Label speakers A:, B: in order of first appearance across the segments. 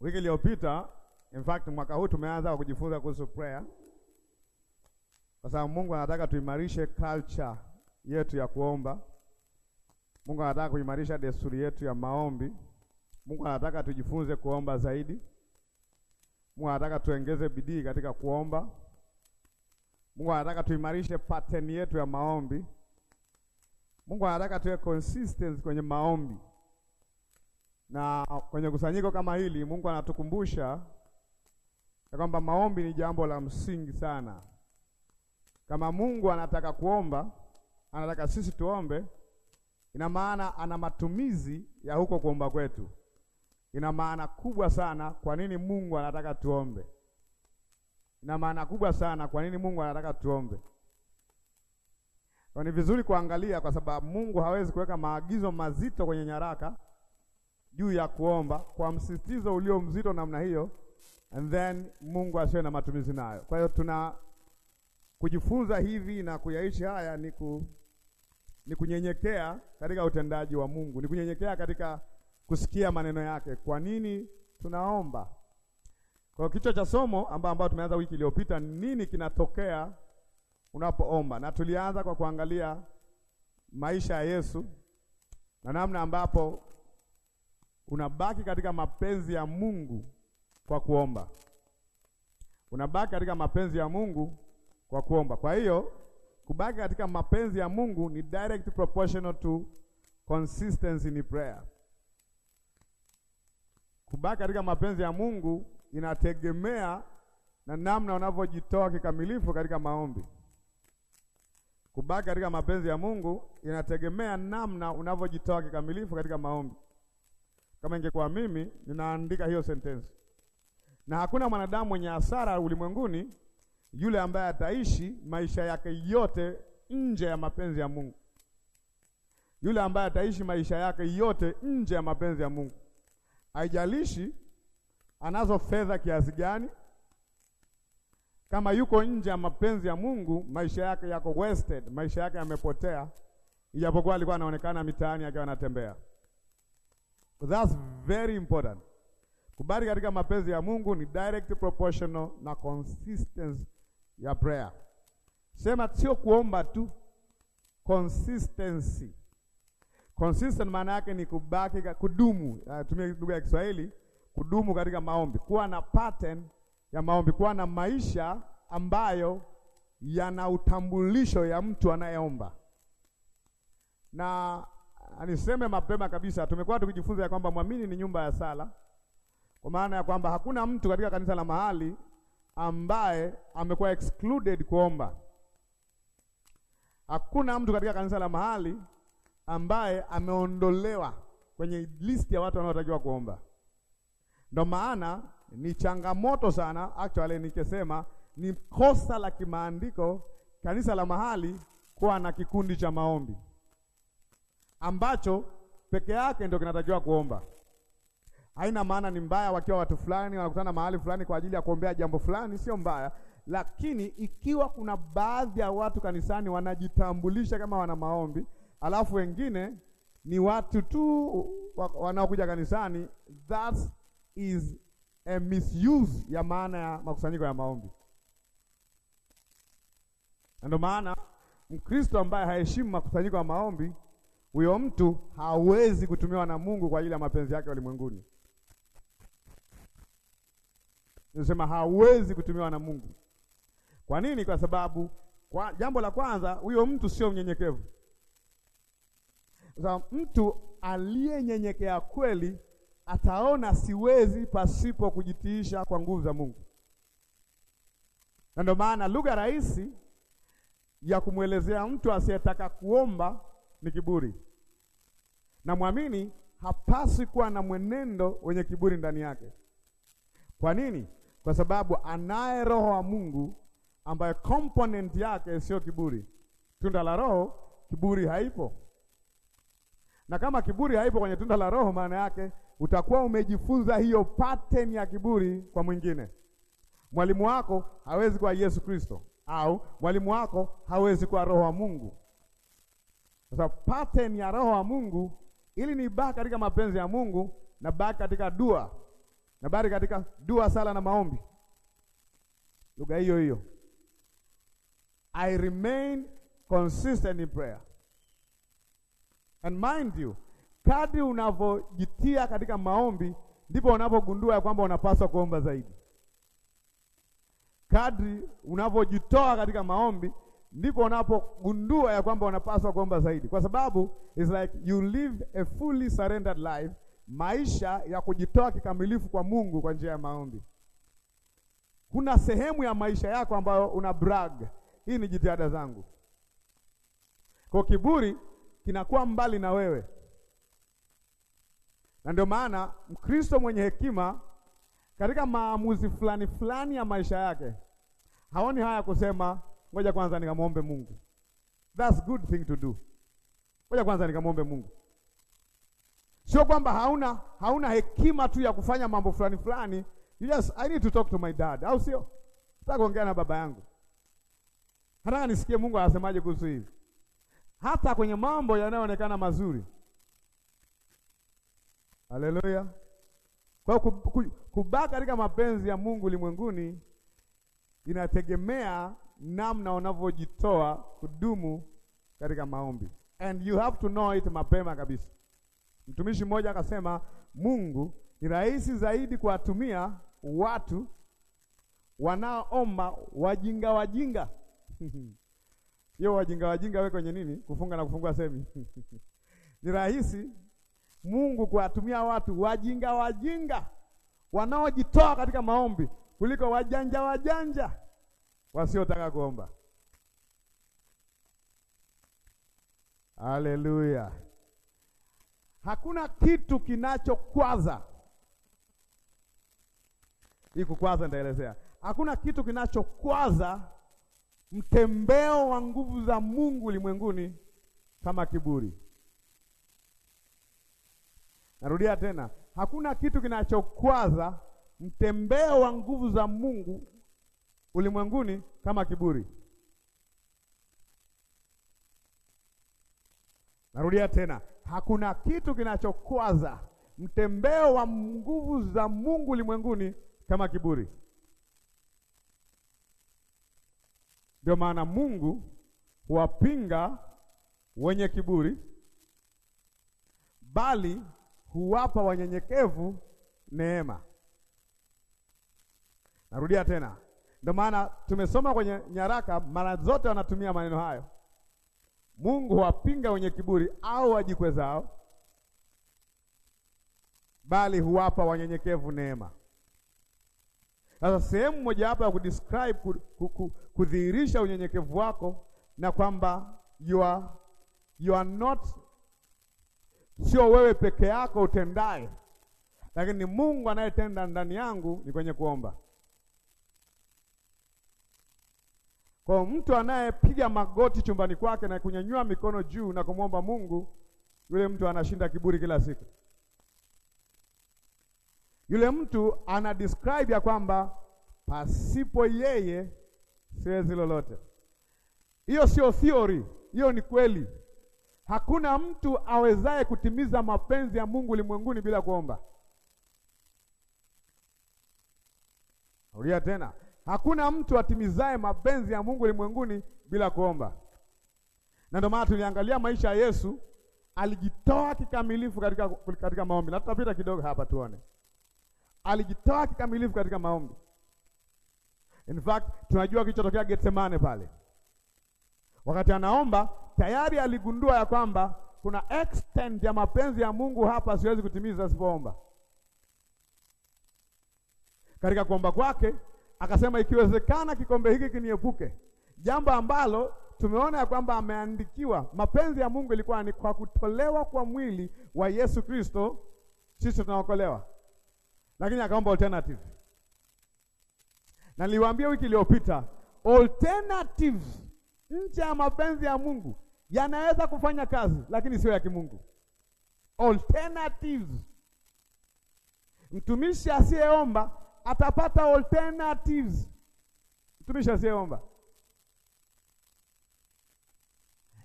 A: Wiki iliyopita, in fact mwaka huu tumeanza kujifunza kuhusu prayer, kwa sababu Mungu anataka tuimarishe culture yetu ya kuomba. Mungu anataka kuimarisha desturi yetu ya maombi. Mungu anataka tujifunze kuomba zaidi. Mungu anataka tuongeze bidii katika kuomba. Mungu anataka tuimarishe pattern yetu ya maombi. Mungu anataka tuwe consistent kwenye maombi. Na kwenye kusanyiko kama hili Mungu anatukumbusha ya kwamba maombi ni jambo la msingi sana. Kama Mungu anataka kuomba, anataka sisi tuombe, ina maana ana matumizi ya huko kuomba kwetu. Ina maana kubwa sana kwa nini Mungu anataka tuombe. Ina maana kubwa sana kwa nini Mungu anataka tuombe. Kwa ni vizuri kuangalia kwa sababu Mungu hawezi kuweka maagizo mazito kwenye nyaraka juu ya kuomba kwa msisitizo ulio mzito namna hiyo, and then Mungu asiwe na matumizi nayo. Kwa hiyo tuna kujifunza hivi na kuyaishi haya ni ku ni kunyenyekea katika utendaji wa Mungu, ni kunyenyekea katika kusikia maneno yake. Kwa nini tunaomba? Kwa kichwa cha somo ambao ambao tumeanza wiki iliyopita, nini kinatokea unapoomba, na tulianza kwa kuangalia maisha ya Yesu na namna ambapo unabaki katika mapenzi ya Mungu kwa kuomba, unabaki katika mapenzi ya Mungu kwa kuomba. Kwa hiyo kubaki katika mapenzi ya Mungu ni direct proportional to consistency in prayer. Kubaki katika mapenzi ya Mungu inategemea na namna unavyojitoa kikamilifu katika maombi. Kubaki katika mapenzi ya Mungu inategemea namna unavyojitoa kikamilifu katika maombi. Kama ingekuwa mimi ninaandika hiyo sentensi, na hakuna mwanadamu mwenye hasara ulimwenguni yule ambaye ataishi maisha yake yote nje ya mapenzi ya Mungu, yule ambaye ataishi maisha yake yote nje ya mapenzi ya Mungu, haijalishi anazo fedha kiasi gani. Kama yuko nje ya mapenzi ya Mungu, maisha yake yako wasted, maisha yake yamepotea, ijapokuwa alikuwa anaonekana mitaani akiwa anatembea. That's very important. Kubali katika mapenzi ya Mungu ni direct proportional na consistency ya prayer. Sema sio kuomba tu, consistency. Consistent maana yake ni kubaki, kudumu. Ah, tumia lugha ya Kiswahili, kudumu katika maombi, kuwa na pattern ya maombi, kuwa na maisha ambayo yana utambulisho ya mtu anayeomba na aniseme mapema kabisa, tumekuwa tukijifunza ya kwamba mwamini ni nyumba ya sala, kwa maana ya kwamba hakuna mtu katika kanisa la mahali ambaye amekuwa excluded kuomba. Hakuna mtu katika kanisa la mahali ambaye ameondolewa kwenye list ya watu wanaotakiwa kuomba. Ndio maana ni changamoto sana, actually nikisema ni kosa la kimaandiko kanisa la mahali kuwa na kikundi cha maombi ambacho peke yake ndio kinatakiwa kuomba. Haina maana ni mbaya wakiwa watu fulani wanakutana mahali fulani kwa ajili ya kuombea jambo fulani, sio mbaya, lakini ikiwa kuna baadhi ya watu kanisani wanajitambulisha kama wana maombi, alafu wengine ni watu tu wanaokuja kanisani, that is a misuse ya maana ya makusanyiko ya maombi. Ndio maana Mkristo ambaye haheshimu makusanyiko ya maombi huyo mtu hawezi kutumiwa na Mungu kwa ajili ya mapenzi yake ulimwenguni. Nasema hawezi kutumiwa na Mungu. Kwa nini? Kwa sababu kwa, jambo la kwanza huyo mtu sio mnyenyekevu. Sasa mtu aliyenyenyekea kweli ataona siwezi pasipo kujitiisha kwa nguvu za Mungu, na ndio maana lugha rahisi ya kumwelezea mtu asiyetaka kuomba ni kiburi, na mwamini hapaswi kuwa na mwenendo wenye kiburi ndani yake. Kwa nini? Kwa sababu anaye Roho wa Mungu ambaye component yake sio kiburi. Tunda la Roho, kiburi haipo, na kama kiburi haipo kwenye tunda la Roho, maana yake utakuwa umejifunza hiyo pattern ya kiburi kwa mwingine. Mwalimu wako hawezi kuwa Yesu Kristo, au mwalimu wako hawezi kuwa Roho wa Mungu. Sasa pattern ya roho wa Mungu ili ni baki katika mapenzi ya Mungu na baki katika dua na baki katika dua, sala na maombi, lugha hiyo hiyo, I remain consistent in prayer. And mind you, kadri unavyojitia katika maombi ndipo unapogundua ya kwamba unapaswa kuomba zaidi. Kadri unavyojitoa katika maombi ndipo unapogundua ya kwamba unapaswa kuomba zaidi, kwa sababu it's like you live a fully surrendered life, maisha ya kujitoa kikamilifu kwa Mungu kwa njia ya maombi. Kuna sehemu ya maisha yako ambayo una brag, hii ni jitihada zangu. Kwa kiburi kinakuwa mbali na wewe, na ndio maana Mkristo mwenye hekima katika maamuzi fulani fulani ya maisha yake haoni haya kusema Ngoja kwanza nikamwombe Mungu. That's good thing to do. Ngoja kwanza nikamwombe Mungu. Sio kwamba hauna hauna hekima tu ya kufanya mambo fulani fulani. Yes, I need to talk to my dad. Au sio? Nataka kuongea na baba yangu. Nataka nisikie Mungu anasemaje kuhusu hivi. Hata kwenye mambo yanayoonekana mazuri. Haleluya. Kwa hiyo kubaki katika mapenzi ya Mungu ulimwenguni inategemea namna unavyojitoa kudumu katika maombi, and you have to know it mapema kabisa. Mtumishi mmoja akasema, Mungu ni rahisi zaidi kuwatumia watu wanaoomba wajinga wajinga hiyo wajinga wajinga, we kwenye nini kufunga na kufungua semi ni rahisi Mungu kuwatumia watu wajinga wajinga wanaojitoa katika maombi kuliko wajanja wajanja wasiotaka kuomba. Haleluya! Hakuna kitu kinachokwaza hii kukwaza, nitaelezea. Hakuna kitu kinachokwaza mtembeo wa nguvu za Mungu ulimwenguni kama kiburi. Narudia tena, hakuna kitu kinachokwaza mtembeo wa nguvu za Mungu ulimwenguni kama kiburi. Narudia tena, hakuna kitu kinachokwaza mtembeo wa nguvu za Mungu ulimwenguni kama kiburi. Ndio maana Mungu huwapinga wenye kiburi, bali huwapa wanyenyekevu neema. Narudia tena, ndio maana tumesoma kwenye nyaraka mara zote wanatumia maneno hayo. Mungu huwapinga wenye kiburi au wajikwezao, bali huwapa wanyenyekevu neema. Sasa sehemu mojawapo ya kudescribe kudhihirisha unyenyekevu wako na kwamba you are, you are not, sio wewe peke yako utendaye, lakini Mungu anayetenda ndani yangu ni kwenye kuomba. Kwa mtu anayepiga magoti chumbani kwake na kunyanyua mikono juu na kumwomba Mungu, yule mtu anashinda kiburi kila siku. Yule mtu ana describe ya kwamba pasipo yeye siwezi lolote. Hiyo sio theory, hiyo ni kweli. Hakuna mtu awezaye kutimiza mapenzi ya Mungu ulimwenguni bila kuomba. Aulia tena. Hakuna mtu atimizaye mapenzi ya Mungu ulimwenguni bila kuomba, na ndio maana tuliangalia maisha ya Yesu, alijitoa kikamilifu katika, katika maombi, na tutapita kidogo hapa tuone alijitoa kikamilifu katika maombi. In fact tunajua kilichotokea Getsemane pale, wakati anaomba tayari aligundua ya kwamba kuna extent ya mapenzi ya Mungu hapa siwezi kutimiza sipoomba. Katika kuomba kwake Akasema ikiwezekana kikombe hiki kiniepuke, jambo ambalo tumeona ya kwamba ameandikiwa. Mapenzi ya Mungu ilikuwa ni kwa kutolewa kwa mwili wa Yesu Kristo sisi tunaokolewa, lakini akaomba alternative, na niliwaambia wiki iliyopita alternatives nje ya mapenzi ya Mungu yanaweza kufanya kazi, lakini sio ya kimungu. Alternatives, mtumishi asiyeomba atapata alternatives. asiyeomba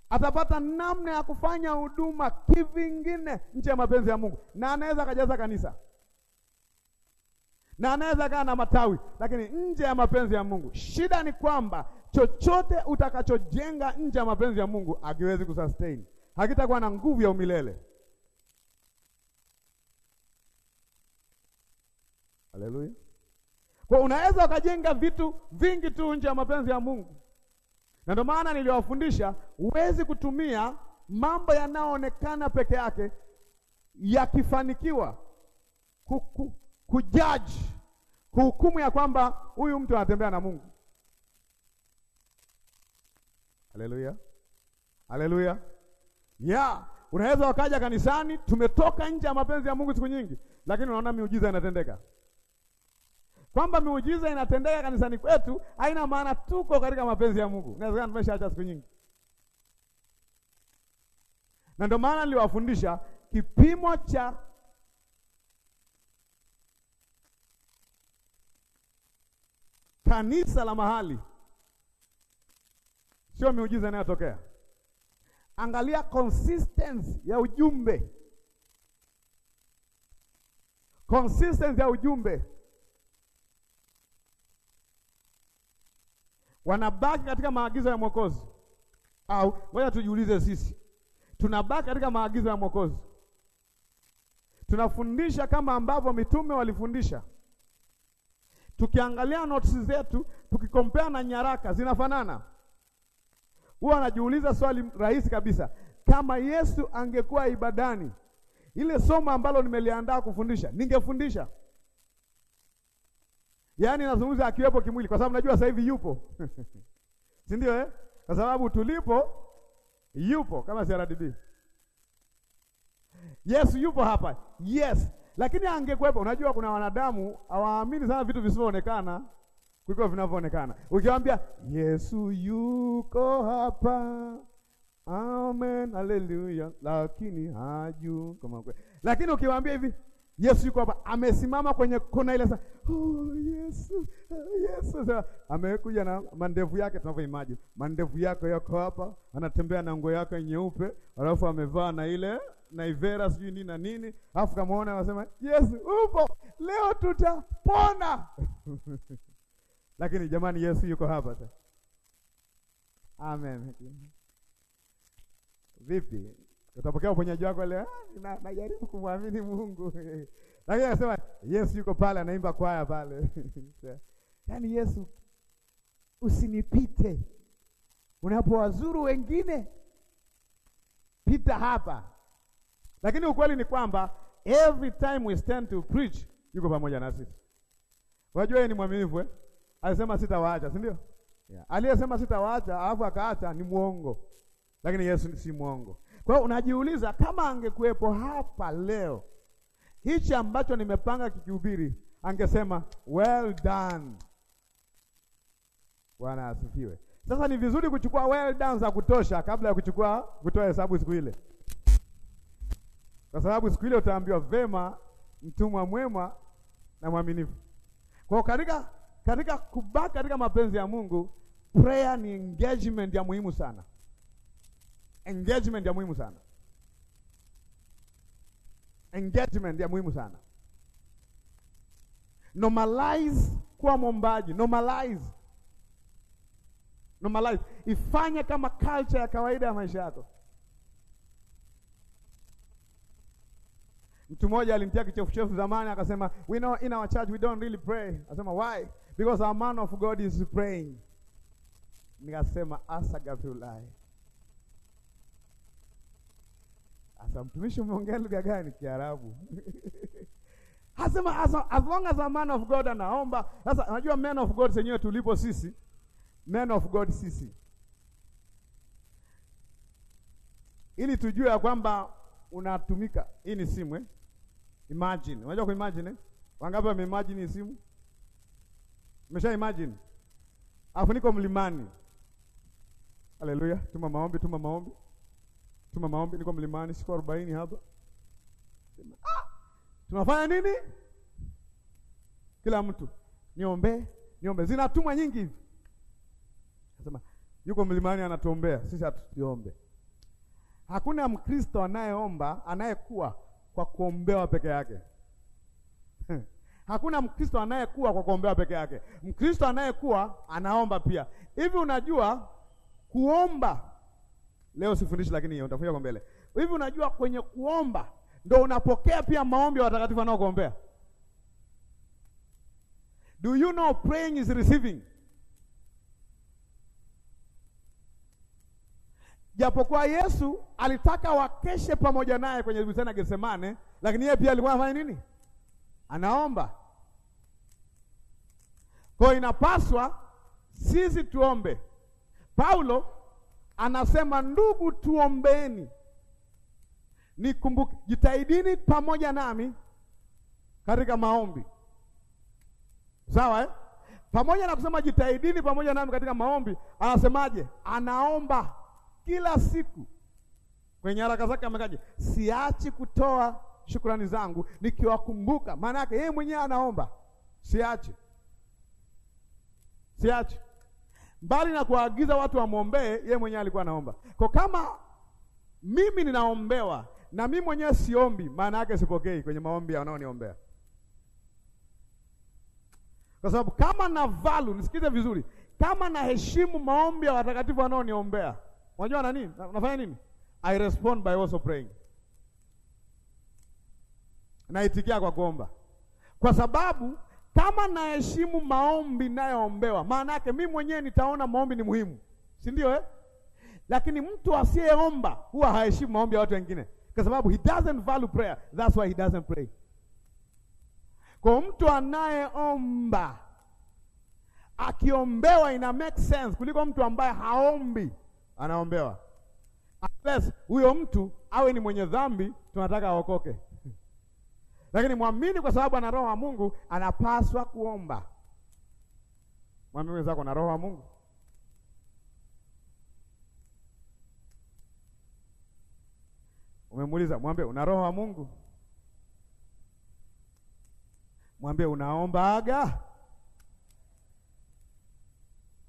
A: atapata namna ya kufanya huduma kivingine nje ya mapenzi ya Mungu, na anaweza akajaza kanisa na anaweza kaa na matawi, lakini nje ya mapenzi ya Mungu. Shida ni kwamba chochote utakachojenga nje ya mapenzi ya Mungu hakiwezi kusustain, hakitakuwa na nguvu ya umilele. Haleluya. Kwa unaweza ukajenga vitu vingi tu nje ya mapenzi ya Mungu, na ndio maana niliwafundisha, huwezi kutumia mambo yanayoonekana peke yake yakifanikiwa ku, ku, kujaji kuhukumu ya kwamba huyu mtu anatembea na Mungu. Haleluya, haleluya, yeah. Unaweza wakaja kanisani, tumetoka nje ya mapenzi ya Mungu siku nyingi, lakini unaona miujiza inatendeka. Kwamba miujiza inatendeka kanisani kwetu haina maana tuko katika mapenzi ya Mungu. Inawezekana tumeshaacha siku nyingi, na ndio maana niliwafundisha kipimo cha kanisa la mahali sio miujiza inayotokea. Angalia consistency ya ujumbe, consistency ya ujumbe wanabaki katika maagizo ya Mwokozi au ngoja tujiulize sisi, tunabaki katika maagizo ya Mwokozi? Tunafundisha kama ambavyo mitume walifundisha? Tukiangalia notes zetu, tukikompea na nyaraka zinafanana? Huwa anajiuliza swali rahisi kabisa, kama Yesu angekuwa ibadani, ile somo ambalo nimeliandaa kufundisha, ningefundisha Yaani nazungumza akiwepo kimwili kwa sababu najua sasa hivi yupo. Si ndio eh? Kwa sababu tulipo yupo kama CRDB. Yesu yupo hapa. Yes. Lakini angekuwepo, unajua kuna wanadamu hawaamini sana vitu visivyoonekana kuliko vinavyoonekana. Ukiwaambia Yesu yuko hapa. Amen. Haleluya. Lakini haju kama kweli. Lakini ukiwaambia hivi Yesu yuko hapa amesimama kwenye kona ile sasa. Oh, Yesu, oh, Yesu sasa Amekuja na mandevu yake tunavyo imagine. Mandevu yako yako hapa, anatembea na nguo yake nyeupe, alafu amevaa na ile na ivera sijui nini na nini, alafu kamaona anasema Yesu upo, leo tutapona. Lakini jamani Yesu yuko hapa sasa. Amen. Vipi? utapokea uponyaji wako leo. Ah, najaribu kumwamini Mungu lakini anasema Yesu yuko pale, anaimba kwaya pale yaani Yesu usinipite unapowazuru wengine, pita hapa. Lakini ukweli ni kwamba every time we stand to preach yuko pamoja nasi. Unajua yeye ni mwaminifu eh? Alisema sitawaacha, si ndio? Yeah. Aliyesema sitawaacha alafu akaacha ni mwongo, lakini Yesu si mwongo. Kwa hiyo unajiuliza kama angekuwepo hapa leo, hichi ambacho nimepanga kikihubiri, angesema well done. Bwana asifiwe. Sasa ni vizuri kuchukua well done za kutosha kabla ya kuchukua kutoa hesabu siku ile, kwa sababu siku ile utaambiwa vema, mtumwa mwema na mwaminifu. Kwa katika katika kubaki katika mapenzi ya Mungu, prayer ni engagement ya muhimu sana. Engagement ya muhimu sana, engagement ya muhimu sana. Normalize kuwa mwombaji, normalize, normalize, ifanye kama culture ya kawaida ya maisha yako. Mtu mmoja alimtia kichefuchefu zamani, akasema we know in our church we don't really pray. Akasema why? Because our man of God is praying. Nikasema asa gafulai Asa mtumishi umeongea lugha gani? Kiarabu. Hasema as, as long as a man of God anaomba. Sasa unajua man of God zenyewe tulipo sisi, man of God sisi, ili tujue ya kwamba unatumika. Hii ni simu eh? Imagine, unajua kuimagine eh? Wangapi wameimagine simu? Umesha imagine? Afu niko mlimani. Haleluya, tuma maombi, tuma maombi Tuma maombi, niko mlimani siku arobaini hapa. Ah! Tunafanya nini? Kila mtu niombe, niombe. Zinatumwa nyingi hivi. Nasema yuko mlimani anatuombea, sisi hatuombe. Hakuna Mkristo anayeomba anayekuwa kwa kuombewa peke yake. Hakuna Mkristo anayekuwa kwa kuombewa peke yake. Mkristo anayekuwa anaomba pia. Hivi unajua kuomba Leo sifundishi, lakini nitafunja kwa mbele. Hivi unajua kwenye kuomba ndio unapokea pia maombi ya watakatifu wanaokuombea? Do you know praying is receiving? Japokuwa Yesu alitaka wakeshe pamoja naye kwenye bustani ya Getsemane, lakini yeye pia alikuwa anafanya nini? Anaomba. Kwa inapaswa sisi tuombe. Paulo anasema ndugu, tuombeni nikumbuke, jitahidini pamoja nami katika maombi. Sawa eh? Pamoja na kusema jitahidini pamoja nami katika maombi, anasemaje? Anaomba kila siku kwenye haraka zake amekaje? Siachi kutoa shukrani zangu nikiwakumbuka. Maana yake yeye mwenyewe anaomba, siachi, siachi mbali na kuwaagiza watu wamwombee, yeye mwenyewe alikuwa anaomba. Kwa kama mimi ninaombewa na mimi mwenyewe siombi, maana yake sipokei kwenye maombi ya wanaoniombea, kwa sababu kama na valu, nisikize vizuri, kama naheshimu maombi ya watakatifu wanaoniombea, unajua na nini nafanya nini? I respond by also praying, naitikia kwa kuomba, kwa sababu kama naheshimu maombi nayoombewa, maana yake mimi mwenyewe nitaona maombi ni muhimu, si ndio eh? Lakini mtu asiyeomba huwa haheshimu maombi ya watu wengine, kwa sababu he doesn't value prayer, that's why he doesn't pray. Kwa mtu anayeomba akiombewa ina make sense kuliko mtu ambaye haombi anaombewa, unless huyo mtu awe ni mwenye dhambi, tunataka aokoke. Lakini mwamini kwa sababu ana roho wa Mungu anapaswa kuomba. Mwamini mwenzako na roho wa Mungu. Umemuuliza, mwambie una roho wa Mungu, mwambie unaombaga,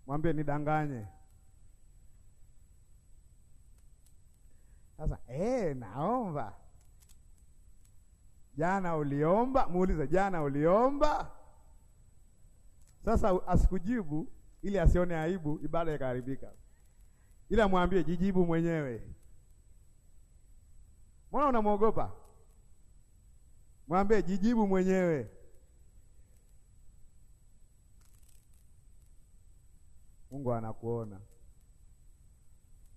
A: mwambie nidanganye. Sasa eh, naomba Jana uliomba, muulize jana uliomba. Sasa asikujibu ili asione aibu, ibada ikaharibika, ili amwambie jijibu mwenyewe. Mbona unamwogopa? Mwambie jijibu mwenyewe. Mungu anakuona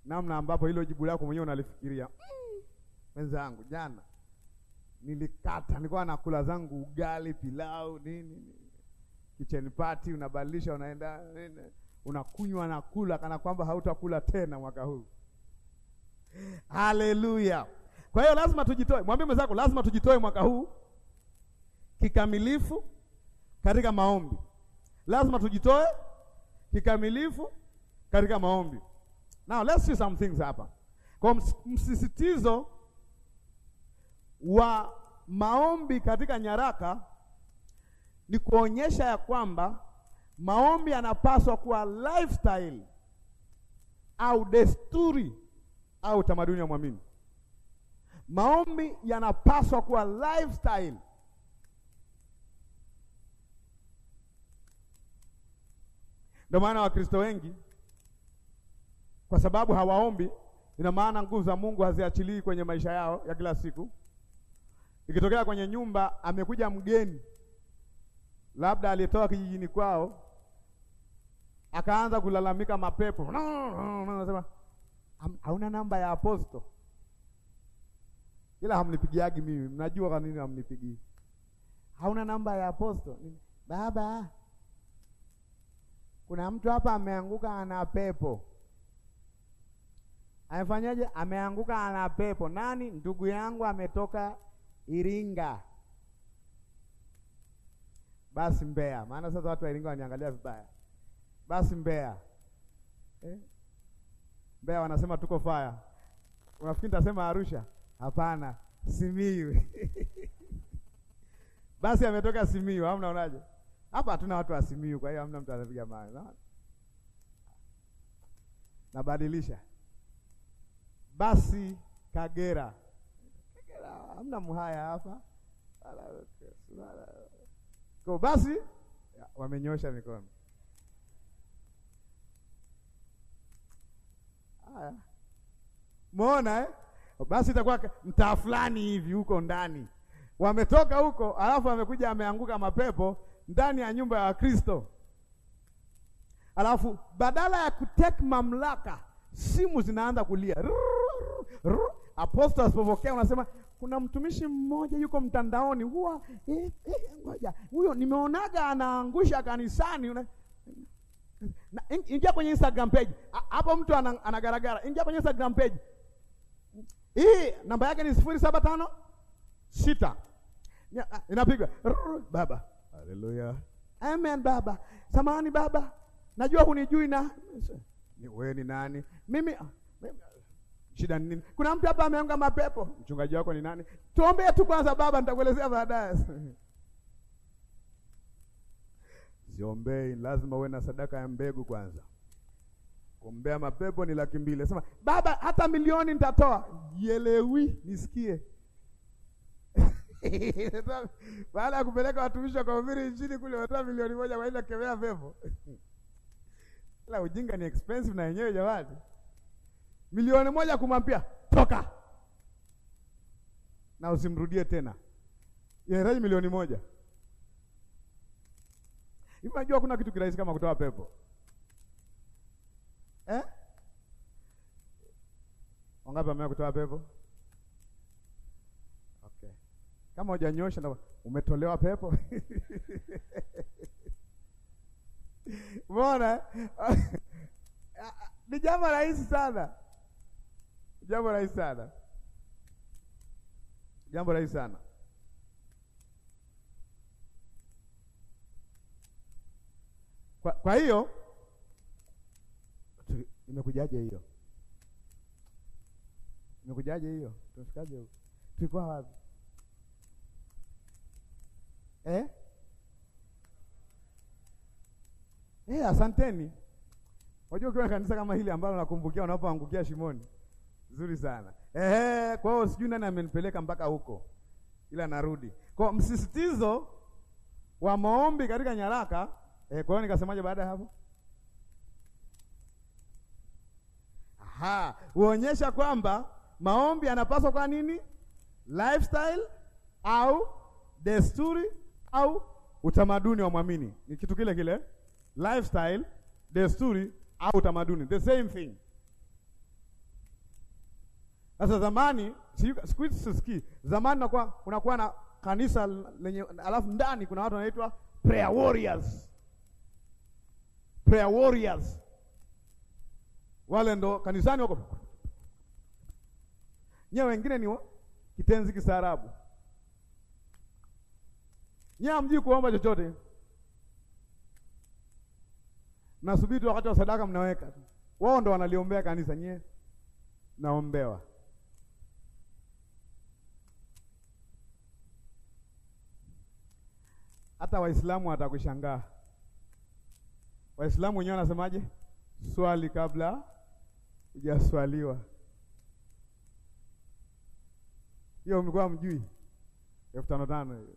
A: namna ambapo hilo jibu lako mwenyewe unalifikiria. Mm, mwenzangu, jana nilikata, nilikuwa nakula zangu ugali, pilau, nini, kitchen party, unabadilisha unaenda nini, unakunywa na kula kana kwamba hautakula tena mwaka huu. Haleluya! Kwa hiyo lazima tujitoe, mwambie mwenzako, lazima tujitoe mwaka huu kikamilifu katika maombi. Lazima tujitoe kikamilifu katika maombi. Now let's see some things hapa, kwa msisitizo wa maombi katika nyaraka ni kuonyesha ya kwamba maombi yanapaswa kuwa lifestyle au desturi au tamaduni ya mwamini. Maombi yanapaswa kuwa lifestyle Ndio maana Wakristo wengi kwa sababu hawaombi, ina maana nguvu za Mungu haziachilii kwenye maisha yao ya kila siku, Ikitokea kwenye nyumba amekuja mgeni labda aliyetoka kijijini kwao, akaanza kulalamika mapepo, anasema hauna namba ya aposto, ila hamnipigiagi mimi, mnajua kwa nini hamnipigii? Hauna namba ya aposto baba, kuna mtu hapa ameanguka, ana pepo. Amefanyaje? Ameanguka, ana pepo. Nani? Ndugu yangu ametoka Iringa, basi Mbeya, maana sasa watu wa Iringa waniangalia vibaya. Basi Mbeya eh? Mbeya wanasema tuko faya. Unafikiri nitasema Arusha? Hapana, Simiyu basi ametoka Simiyu, au mnaonaje? Hapa hatuna watu wa Simiyu, kwa hiyo hamna mtu anapiga mawe. Nabadilisha basi Kagera amna mhaya hapa ko basi, wamenyosha mikono. Haya, mwona eh? Basi itakuwa mtaa fulani hivi huko ndani, wametoka huko, alafu amekuja ameanguka mapepo ndani ya nyumba ya Wakristo, alafu badala ya kuteka mamlaka, simu zinaanza kulia Apostol asipopokea unasema kuna mtumishi mmoja yuko mtandaoni, huwa eh, eh, ngoja, huyo nimeonaga anaangusha kanisani una, na, in, ingia kwenye Instagram page hapo, mtu anagaragara. Ingia kwenye Instagram page hii, namba yake ni sifuri saba tano sita inapigwa baba. Haleluya, amen. Baba samahani, baba najua hunijui na wewe ni nani mimi Shida ni nini? Kuna mtu hapa ameonga mapepo. Mchungaji wako ni nani? Tuombee tu kwanza baba, nitakuelezea baadaye. Siombei, lazima uwe na sadaka ya mbegu kwanza. Kuombea mapepo ni laki mbili. Sema baba, hata milioni nitatoa. Yelewi nisikie. Baada ya kupeleka watumishi wakahubiri nchini kule, watoa milioni moja kwa ile kemea pepo. La ujinga ni expensive na yenyewe jamani milioni moja kumwambia toka na usimrudie tena, inahitaji yaani milioni moja. Hivi unajua kuna kitu kirahisi kama kutoa pepo eh? Wangapi wamea kutoa pepo? Okay, kama hujanyosha na umetolewa pepo umeona eh? ah, ah, ni jambo rahisi sana jambo rahisi sana, jambo rahisi sana. Kwa, kwa hiyo imekujaje hiyo? Imekujaje hiyo? Tumefikaje Tulikuwa wapi? Eh? Eh, asanteni. wajua ukiwa kanisa kama hili ambalo nakumbukia unapoangukia shimoni Nzuri sana. Ehe, kwa hiyo sijui nani amenipeleka mpaka huko, ila narudi kwa msisitizo wa maombi katika nyaraka. Eh, kwa hiyo nikasemaje baada ya hapo? Aha, huonyesha kwamba maombi yanapaswa kwa nini lifestyle au desturi au utamaduni wa mwamini. Ni kitu kile kile, lifestyle, desturi au utamaduni, the same thing. Sasa zamani, siku hizi sisiki, Zamani unakuwa unakuwa na kanisa lenye, alafu ndani kuna watu wanaitwa prayer warriors, prayer warriors. Wale ndo kanisani wako nyewe, wengine ni kitenzi kistaarabu nyewe, hamjui kuomba chochote, nasubiri tu wakati wa sadaka mnaweka. Wao ndo wanaliombea kanisa, nyewe naombewa hata Waislamu watakushangaa. Waislamu wenyewe wanasemaje? Swali kabla hujaswaliwa. Hiyo mlikuwa mjui elfu tano tano hiyo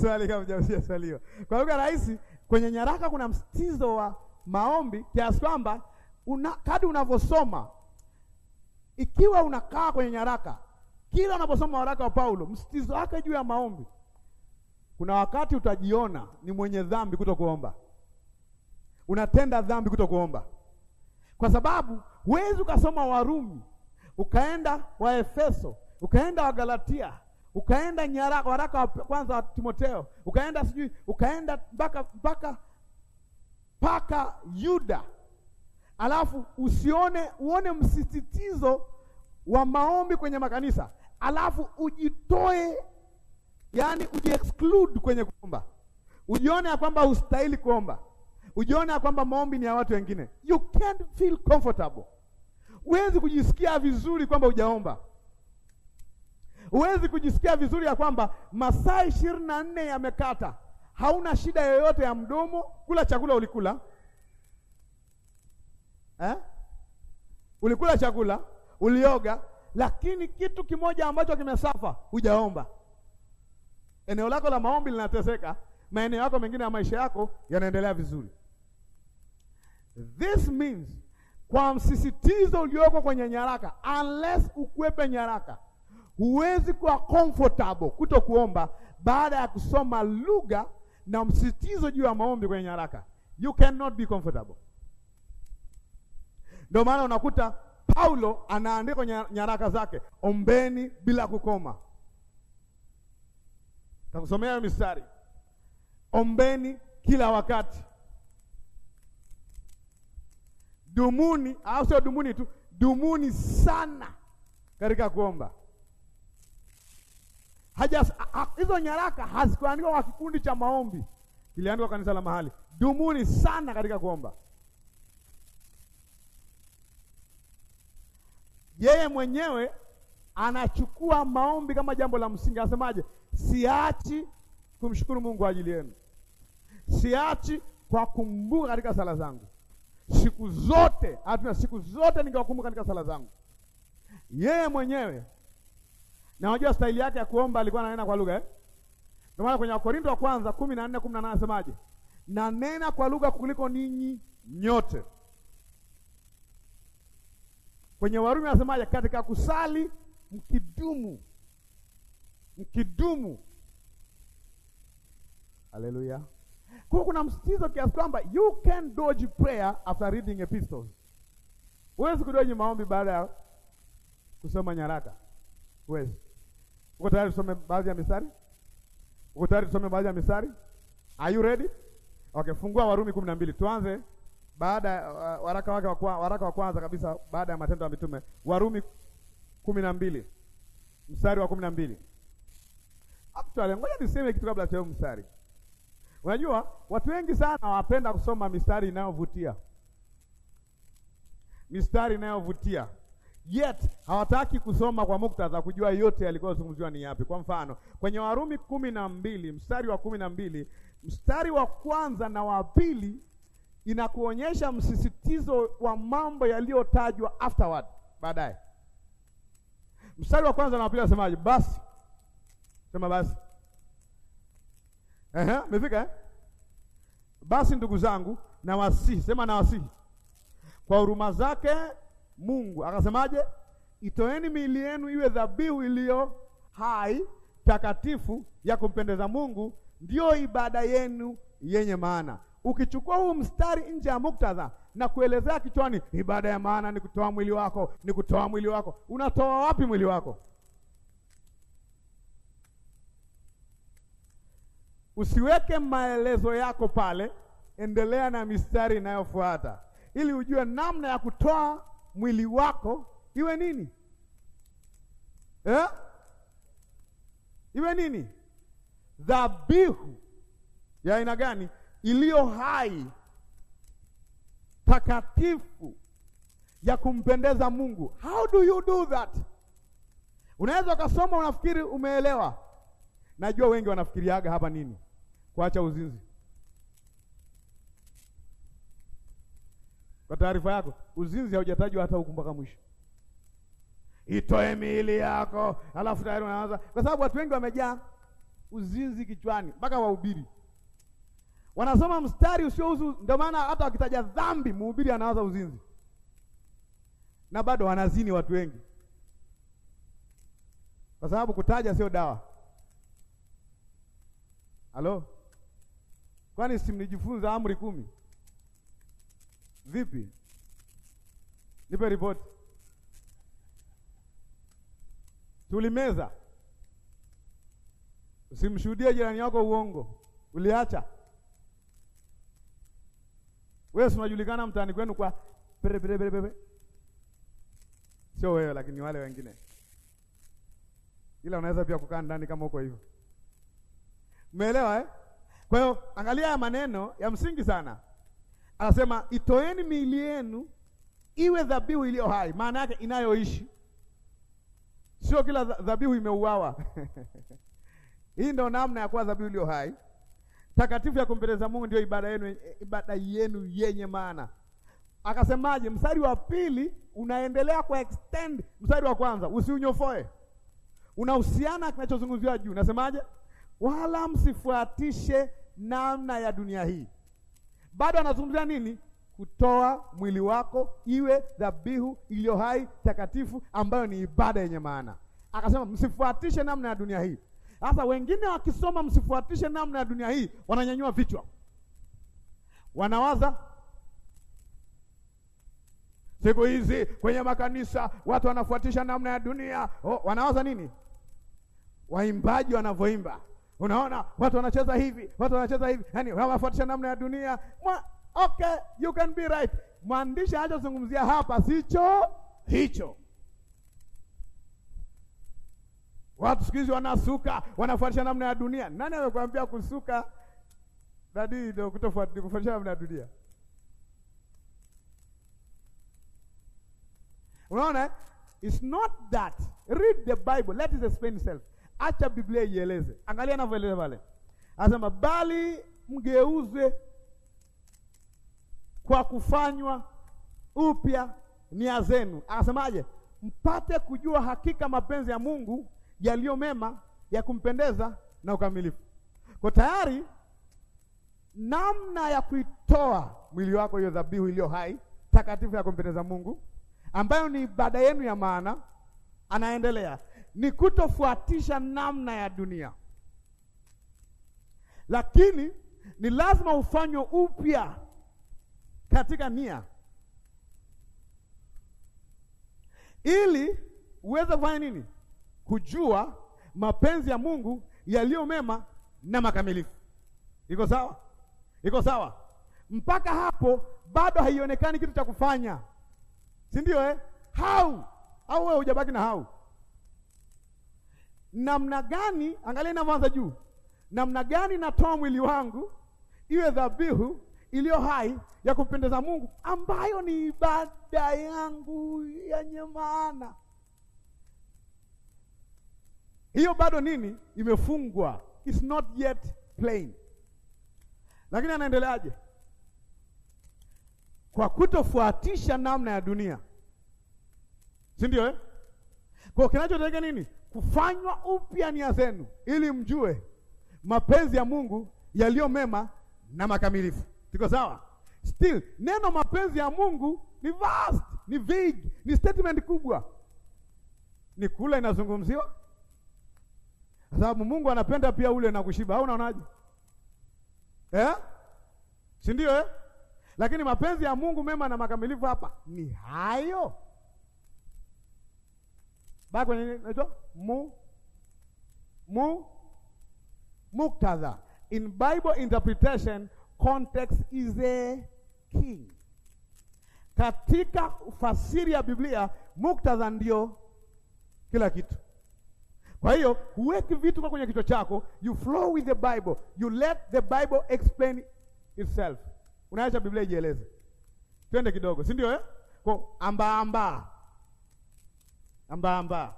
A: swali kabla hujaswaliwa. Kwa lugha rahisi, kwenye nyaraka kuna msitizo wa maombi kiasi kwamba una, kadri unavyosoma ikiwa unakaa kwenye nyaraka, kila unaposoma waraka wa Paulo, msitizo wake juu ya maombi kuna wakati utajiona ni mwenye dhambi kutokuomba, unatenda dhambi kutokuomba, kwa sababu huwezi ukasoma Warumi ukaenda wa efeso ukaenda Wagalatia ukaenda nyaraka waraka wa kwanza wa timoteo ukaenda sijui ukaenda mpaka mpaka mpaka Yuda, alafu usione uone msisitizo wa maombi kwenye makanisa, alafu ujitoe yaani ujiexclude kwenye kuomba, ujione ya kwamba hustahili kuomba, ujione ya kwamba maombi ni ya watu wengine. You can't feel comfortable, huwezi kujisikia vizuri kwamba hujaomba huwezi kujisikia vizuri ya kwamba masaa ishirini na nne yamekata, hauna shida yoyote ya mdomo. Kula chakula ulikula eh? Ulikula chakula, ulioga, lakini kitu kimoja ambacho kimesafa, hujaomba. Eneo lako la maombi linateseka, maeneo yako mengine ya maisha yako yanaendelea vizuri. This means kwa msisitizo ulioko kwenye nyaraka, unless ukwepe nyaraka, huwezi kuwa comfortable kuto kuomba baada ya kusoma lugha na msisitizo juu ya maombi kwenye nyaraka. You cannot be comfortable. Ndio maana unakuta Paulo anaandika kwenye nyaraka zake, ombeni bila kukoma. Takusomea mistari. Ombeni kila wakati, dumuni au sio dumuni tu, dumuni sana katika kuomba. Hizo nyaraka hazikuandikwa kwa kikundi cha maombi, kiliandikwa kanisa la mahali. Dumuni sana katika kuomba. Yeye mwenyewe anachukua maombi kama jambo la msingi, anasemaje? siachi kumshukuru Mungu kwa ajili yenu, siachi kwa kumbuka katika sala zangu siku zote, hatuna siku zote ningewakumbuka katika sala zangu. Yeye mwenyewe na unajua staili yake ya kuomba alikuwa ananena kwa lugha eh? Ndio maana kwenye Wakorinto wa kwanza kumi na nne kumi na nane asemaje? Nanena kwa lugha kuliko ninyi nyote. Kwenye Warumi anasemaje? Katika kusali mkidumu mkidumu. Haleluya! Kwa kuna msitizo kiasi kwamba you can dodge prayer after reading epistles. Huwezi kudoji maombi baada ya kusoma nyaraka, huwezi. Uko tayari tusome baadhi ya mistari? Uko tayari tusome baadhi ya mistari? Are you ready? Okay, fungua Warumi kumi na mbili tuanze baada uh, waraka wake wa waraka wa kwanza kabisa baada ya matendo ya mitume Warumi kumi na mbili mstari wa kumi na mbili Actually, ngoja niseme kitu kabla cha mstari. Unajua watu wengi sana wapenda kusoma mistari inayovutia, mistari inayovutia yet hawataki kusoma kwa muktadha, kujua yote yalikuwa yazungumziwa ni yapi. Kwa mfano kwenye Warumi kumi na mbili mstari wa kumi na mbili mstari wa kwanza na wa pili inakuonyesha msisitizo wa mambo yaliyotajwa afterward baadaye. Mstari wa kwanza na wa pili anasemaje? Basi Sema basi. Ehe, umefika eh? Basi ndugu zangu, nawasihi, sema nawasihi kwa huruma zake Mungu akasemaje? Itoeni miili yenu iwe dhabihu iliyo hai takatifu ya kumpendeza Mungu, ndiyo ibada yenu yenye maana. Ukichukua huu mstari nje ya muktadha na kuelezea kichwani, ibada ya maana ni kutoa mwili wako, ni kutoa mwili wako, unatoa wapi mwili wako? Usiweke maelezo yako pale, endelea na mistari inayofuata ili ujue namna ya kutoa mwili wako iwe nini eh? iwe nini dhabihu ya aina gani iliyo hai takatifu ya kumpendeza Mungu. How do you do that? Unaweza ukasoma unafikiri umeelewa. Najua wengi wanafikiriaga hapa nini kuacha uzinzi. Kwa taarifa yako, uzinzi haujatajwa hata huku mpaka mwisho. Itoe miili yako, alafu tayari unaanza, kwa sababu watu wengi wamejaa uzinzi kichwani, mpaka wahubiri wanasoma mstari usiohusu. Ndio maana hata wakitaja dhambi, mhubiri anaanza uzinzi, na bado wanazini watu wengi, kwa sababu kutaja sio dawa. Halo? Kwani si mlijifunza amri kumi? Vipi? Nipe ripoti. Tulimeza. Usimshuhudie jirani yako uongo. Uliacha. Wewe unajulikana mtaani kwenu kwa pere pere pere pere. Sio wewe lakini wale wengine. Ila unaweza pia kukaa ndani kama uko hivyo. Umeelewa eh? Kwa hiyo angalia haya maneno ya msingi sana, anasema itoeni miili yenu iwe dhabihu iliyo hai, maana yake inayoishi, sio kila dhabihu imeuawa. Hii ndio namna ya kuwa dhabihu iliyo hai takatifu ya kumpendeza Mungu, ndio ibada yenu, e, ibada yenu yenye maana. Akasemaje? mstari wa pili unaendelea kwa extend mstari wa kwanza, usiunyofoe, unahusiana kinachozungumziwa juu. Nasemaje? wala msifuatishe namna ya dunia hii. Bado anazungumzia nini? Kutoa mwili wako iwe dhabihu iliyo hai takatifu, ambayo ni ibada yenye maana. Akasema msifuatishe namna ya dunia hii. Sasa wengine wakisoma msifuatishe namna ya dunia hii, wananyanyua vichwa, wanawaza siku hizi kwenye makanisa watu wanafuatisha namna ya dunia. Oh, wanawaza nini? Waimbaji wanavyoimba Unaona watu wanacheza hivi, watu wanacheza hivi, yaani wanafuatisha namna ya dunia. Mwa, okay, you can be right. Mwandishi anachozungumzia hapa sicho hicho. Watu siku hizi wanasuka, wanafuatisha namna ya dunia. Nani amekwambia kusuka dadi ndio kutofuatisha kufuatisha namna ya dunia? Unaona, eh? it's not that. Read the Bible, let it explain itself acha Biblia ieleze. Angalia anavyoeleza pale, anasema bali mgeuze kwa kufanywa upya nia zenu. Anasemaje? mpate kujua hakika mapenzi ya Mungu yaliyo mema, ya kumpendeza na ukamilifu. Kwa tayari namna ya kuitoa mwili wako, hiyo dhabihu iliyo hai takatifu ya kumpendeza Mungu, ambayo ni ibada yenu ya maana. Anaendelea ni kutofuatisha namna ya dunia, lakini ni lazima ufanywe upya katika nia ili uweze kufanya nini? Kujua mapenzi ya Mungu yaliyo mema na makamilifu. Iko sawa? Iko sawa? Mpaka hapo bado haionekani kitu cha kufanya, si ndio? Eh, hau au wewe hujabaki na hau namna gani, angalia inavyoanza juu, namna gani natoa mwili wangu iwe dhabihu iliyo hai ya kumpendeza Mungu, ambayo ni ibada yangu yenye maana. Hiyo bado nini, imefungwa, it's not yet plain. Lakini anaendeleaje? Kwa kutofuatisha namna ya dunia, si ndio eh? Kwa kinachotokea nini? kufanywa upya nia zenu, ili mjue mapenzi ya Mungu yaliyo mema na makamilifu. Tuko sawa? Still neno mapenzi ya Mungu ni vast, ni vague, ni statement kubwa. Ni kula inazungumziwa, kwa sababu Mungu anapenda pia ule na kushiba, au unaonaje? Eh, si ndio eh? Lakini mapenzi ya Mungu mema na makamilifu hapa ni hayo bado inaitwa mu mu muktadha. In Bible interpretation context is a king. Katika fasiri ya Biblia muktadha ndio kila kitu. Kwa hiyo huweki vitu kwa kwenye kichwa chako, you flow with the Bible, you let the Bible explain itself. Unaacha Biblia ijieleze. Twende kidogo, si ndio eh? Kwa amba ambaamba.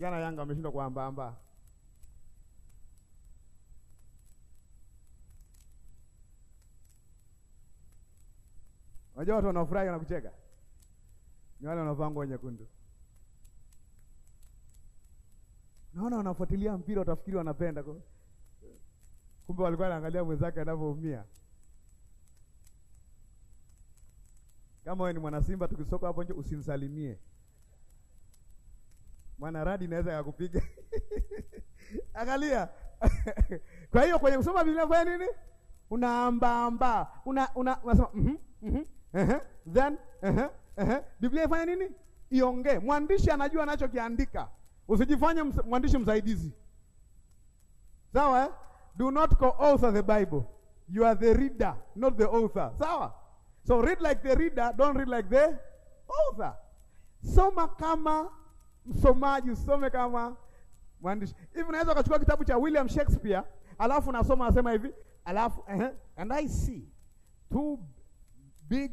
A: Jana Yanga wameshindwa kwa ambaamba. Unajua watu wanaofurahi na kucheka ni wale wanaovaa nguo nyekundu. Naona wanafuatilia mpira, utafikiri wanapenda, kumbe walikuwa wanaangalia mwenzake anavyoumia. Kama wewe ni mwana Simba, tukisoka hapo nje, usimsalimie. Maana radi inaweza yakupiga. Angalia. Kwa hiyo kwenye kusoma Biblia unafanya nini? Unaambaamba, una una unasema mhm mm mhm mm uh -huh. then uh -huh. Uh -huh. Biblia ifanye nini? Iongee. Mwandishi anajua anachokiandika. Usijifanye mwandishi msaidizi. Sawa? Eh? Do not co-author the Bible. You are the reader, not the author. Sawa? So read like the reader, don't read like the author. Soma kama msomaji, usome kama mwandishi hivi. Unaweza ukachukua kitabu cha William Shakespeare alafu nasoma nasema hivi alafu uh -huh, and I see two big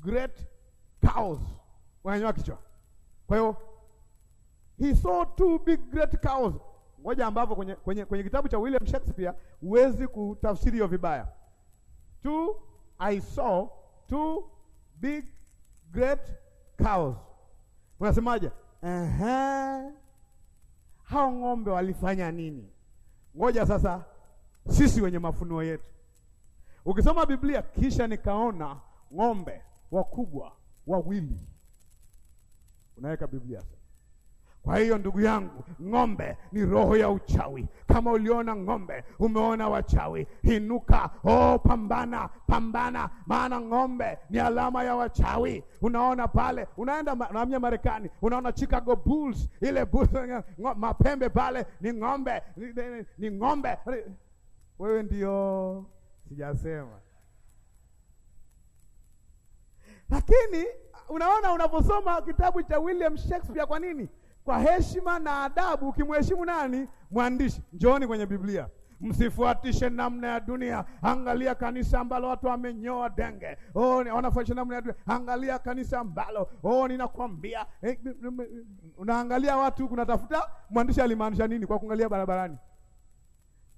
A: great cows, wananyoa kichwa. Kwa hiyo he saw two big great cows, moja ambapo kwenye, kwenye, kwenye kitabu cha William Shakespeare huwezi kutafsiri hiyo vibaya. Two, I saw two big great cows. Unasemaje? Aha. Hao ng'ombe walifanya nini? Ngoja sasa sisi wenye mafunuo yetu. Ukisoma Biblia, kisha nikaona ng'ombe wakubwa wawili. Unaweka Biblia kwa hiyo ndugu yangu, ng'ombe ni roho ya uchawi. Kama uliona ng'ombe, umeona wachawi, hinuka. Oh, pambana, pambana, maana ng'ombe ni alama ya wachawi. Unaona pale, unaenda namnya Marekani, unaona Chicago Bulls, ile Bulls, mapembe pale ni ng'ombe, ni, ni, ni ng'ombe. Wewe ndio sijasema, lakini unaona unaposoma kitabu cha William Shakespeare, kwa nini kwa heshima na adabu, ukimheshimu nani? Mwandishi. Njooni kwenye Biblia, msifuatishe namna ya dunia. Angalia kanisa ambalo watu wamenyoa denge, oh, wanafuatisha namna ya dunia. Angalia kanisa ambalo oh, ninakwambia eh, unaangalia watu, kunatafuta mwandishi alimaanisha nini kwa kuangalia barabarani.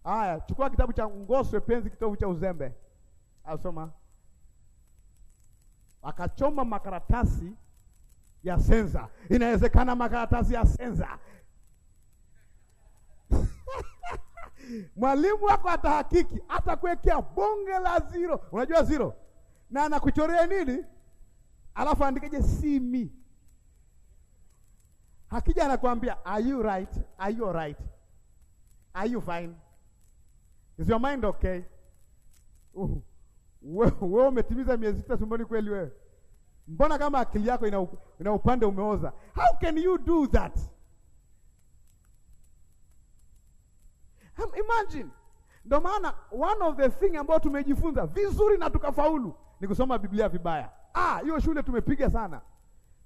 A: Haya, chukua kitabu cha Ngoswe Penzi, Kitovu cha Uzembe, asoma akachoma makaratasi ya sensa, inawezekana makaratasi ya sensa mwalimu wako atahakiki, atakuwekea bonge la ziro, unajua ziro, na anakuchorea nini, alafu andikeje simi. Hakija anakuambia are you right, are you right, are you fine, is your mind okay? Wewe uh, umetimiza miezi sita tumboni kweli wewe? Mbona kama akili yako ina, ina upande umeoza? How can you do that? imagine. Ndio maana one of the thing ambayo tumejifunza vizuri na tukafaulu ni kusoma Biblia vibaya. Ah, hiyo shule tumepiga sana.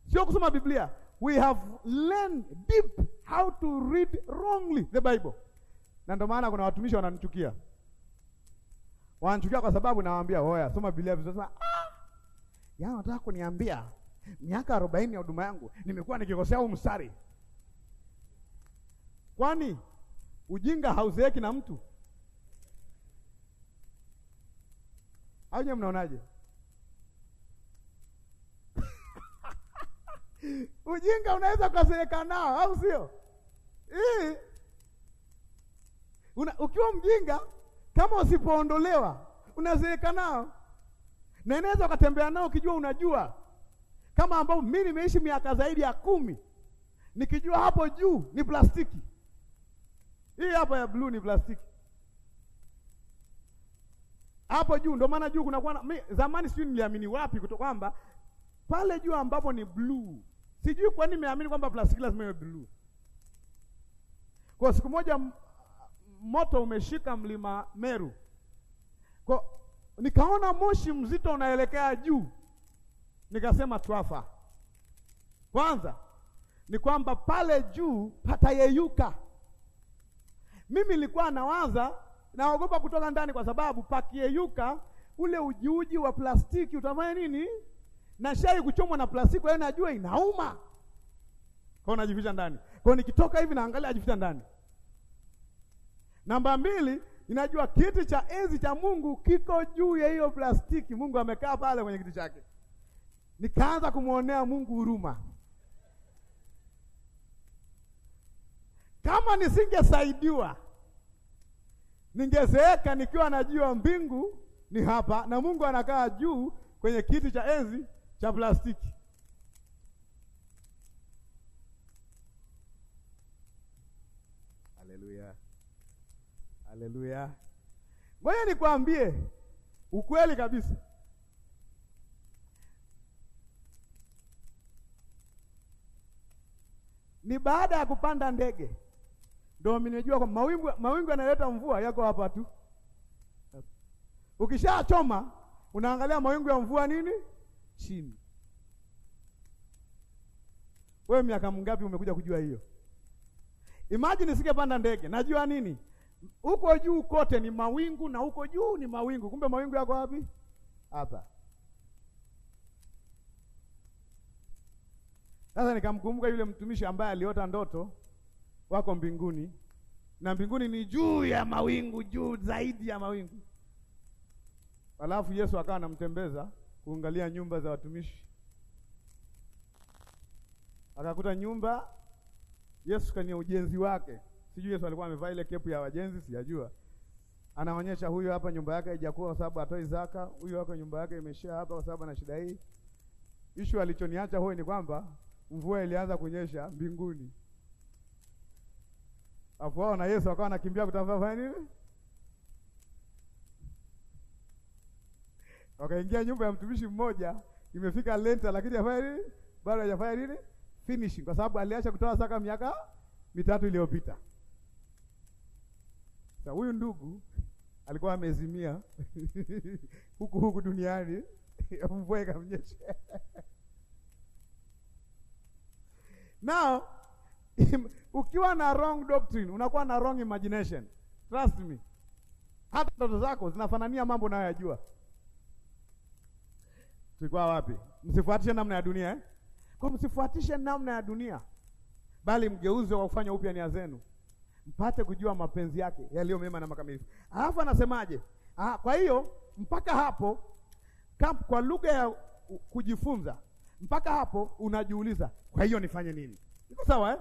A: Sio kusoma Biblia. We have learned deep how to read wrongly the Bible. Na ndio maana kuna watumishi wananichukia. Wananichukia kwa sababu nawaambia, "Oya, soma Biblia vizuri." Sasa, ah, Yaani nataka kuniambia miaka arobaini ya huduma yangu nimekuwa nikikosea huu mstari? Kwani ujinga hauzeeki na mtu au nyewe mnaonaje? Ujinga unaweza ukazeeka nao, au sio? Hii ukiwa mjinga, kama usipoondolewa unazeeka nao na inaweza ukatembea nao ukijua unajua, kama ambao mimi nimeishi miaka zaidi ya kumi nikijua hapo juu ni plastiki. Hii hapa ya bluu ni plastiki hapo juu. Ndio maana juu kunakuwa zamani, sijui niliamini wapi kuto kwamba pale juu ambapo ni bluu, sijui kwa nini nimeamini kwamba plastiki lazima iwe bluu. Kwa siku moja moto umeshika mlima Meru kwa nikaona moshi mzito unaelekea juu, nikasema twafa. Kwanza ni kwamba pale juu patayeyuka. Mimi nilikuwa nawaza, naogopa kutoka ndani, kwa sababu pakiyeyuka ule ujiuji wa plastiki utafanya nini? Nashai kuchomwa na plastiki, kwa hiyo najua inauma, kwa najificha ndani. Kwa nikitoka hivi naangalia, ajificha ndani. Namba mbili, inajua kiti cha enzi cha Mungu kiko juu ya hiyo plastiki. Mungu amekaa pale kwenye kiti chake. Nikaanza kumwonea Mungu huruma. Kama nisingesaidiwa ningezeeka nikiwa najua mbingu ni hapa na Mungu anakaa juu kwenye kiti cha enzi cha plastiki. Haleluya. Ngoja nikwambie ukweli kabisa. Ni baada ya kupanda ndege ndio nimejua kwa mawingu mawingu yanaleta mvua yako hapa tu. Ukishachoma unaangalia mawingu ya mvua nini chini. Wewe miaka mingapi umekuja kujua hiyo? Imagine singepanda ndege, najua nini huko juu kote ni mawingu na huko juu ni mawingu. Kumbe mawingu yako wapi? Hapa. Sasa nikamkumbuka yule mtumishi ambaye aliota ndoto wako mbinguni, na mbinguni ni juu ya mawingu, juu zaidi ya mawingu. Alafu Yesu akawa anamtembeza kuangalia nyumba za watumishi, akakuta nyumba Yesu kwenye ujenzi wake Sijui Yesu alikuwa amevaa ile kepu ya wajenzi, sijajua. Anaonyesha huyu hapa nyumba yake haijakuwa kwa sababu atoi zaka, huyu hapa nyumba yake imeshia hapa kwa sababu ana shida hii. Ishu alichoniacha huyo ni kwamba mvua ilianza kunyesha mbinguni. Afu wao na Yesu akawa anakimbia kutafuta fanya nini? Wakaingia nyumba ya mtumishi mmoja, imefika lenta lakini hafanya nini? Bado hajafanya nini? Finishing kwa sababu aliacha kutoa zaka miaka mitatu iliyopita. Sasa huyu ndugu alikuwa amezimia huku huku duniani mvua ikamnyesha. Now ukiwa na wrong doctrine unakuwa na wrong imagination. Trust me, hata ndoto zako zinafanania mambo unayoyajua. Tulikuwa wapi? Msifuatishe namna ya dunia eh? Kwa msifuatishe namna ya dunia, bali mgeuze wa kufanya upya nia zenu mpate kujua mapenzi yake yaliyo mema na makamilifu. Alafu anasemaje? Ah, kwa hiyo mpaka hapo kamp, kwa lugha ya kujifunza mpaka hapo unajiuliza, kwa hiyo nifanye nini? Iko sawa eh?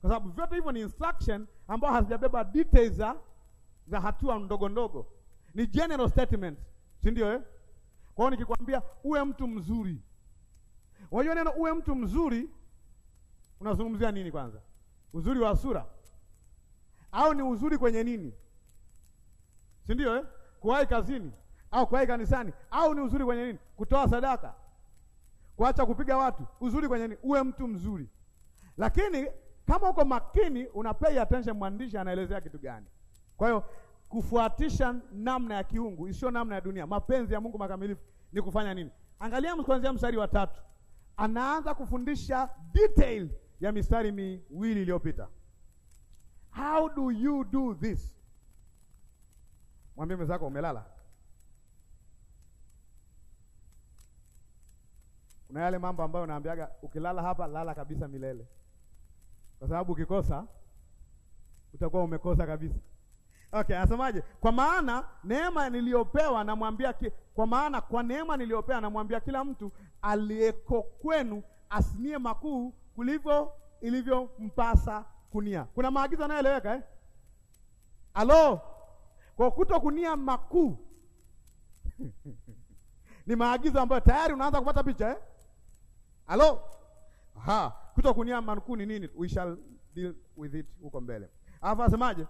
A: Kwa sababu vyote hivyo ni instruction ambayo hazijabeba details za za hatua ndogo ndogo, ni general statement, si ndio eh? Kwa hiyo nikikwambia uwe mtu mzuri, unajua neno uwe mtu mzuri unazungumzia nini? Kwanza uzuri wa sura au ni uzuri kwenye nini? Si ndio eh? Kuwahi kazini au kuwahi kanisani au ni uzuri kwenye nini? Kutoa sadaka, kuacha kupiga watu, uzuri kwenye nini? Uwe mtu mzuri. Lakini kama uko makini, una pay attention, mwandishi anaelezea kitu gani? Kwa hiyo kufuatisha namna ya kiungu isiyo namna ya dunia, mapenzi ya Mungu makamilifu ni kufanya nini? Angalia kuanzia mstari wa tatu, anaanza kufundisha detail ya mistari miwili iliyopita. How do you do this? Mwambie mwenzako umelala. Kuna yale mambo ambayo unaambiaga ukilala hapa lala kabisa milele, kwa sababu ukikosa utakuwa umekosa kabisa. Okay, asemaje? Kwa maana neema niliyopewa namwambia ki... kwa maana kwa neema niliyopewa namwambia kila mtu aliyeko kwenu asinie makuu ilivyo ilivyompasa kunia. Kuna maagizo yanayoeleweka eh? Alo, kwa kuto kunia makuu ni maagizo ambayo tayari unaanza kupata picha eh? Alo, aha, kuto kunia makuu ni nini? We shall deal with it huko mbele. Alafu asemaje?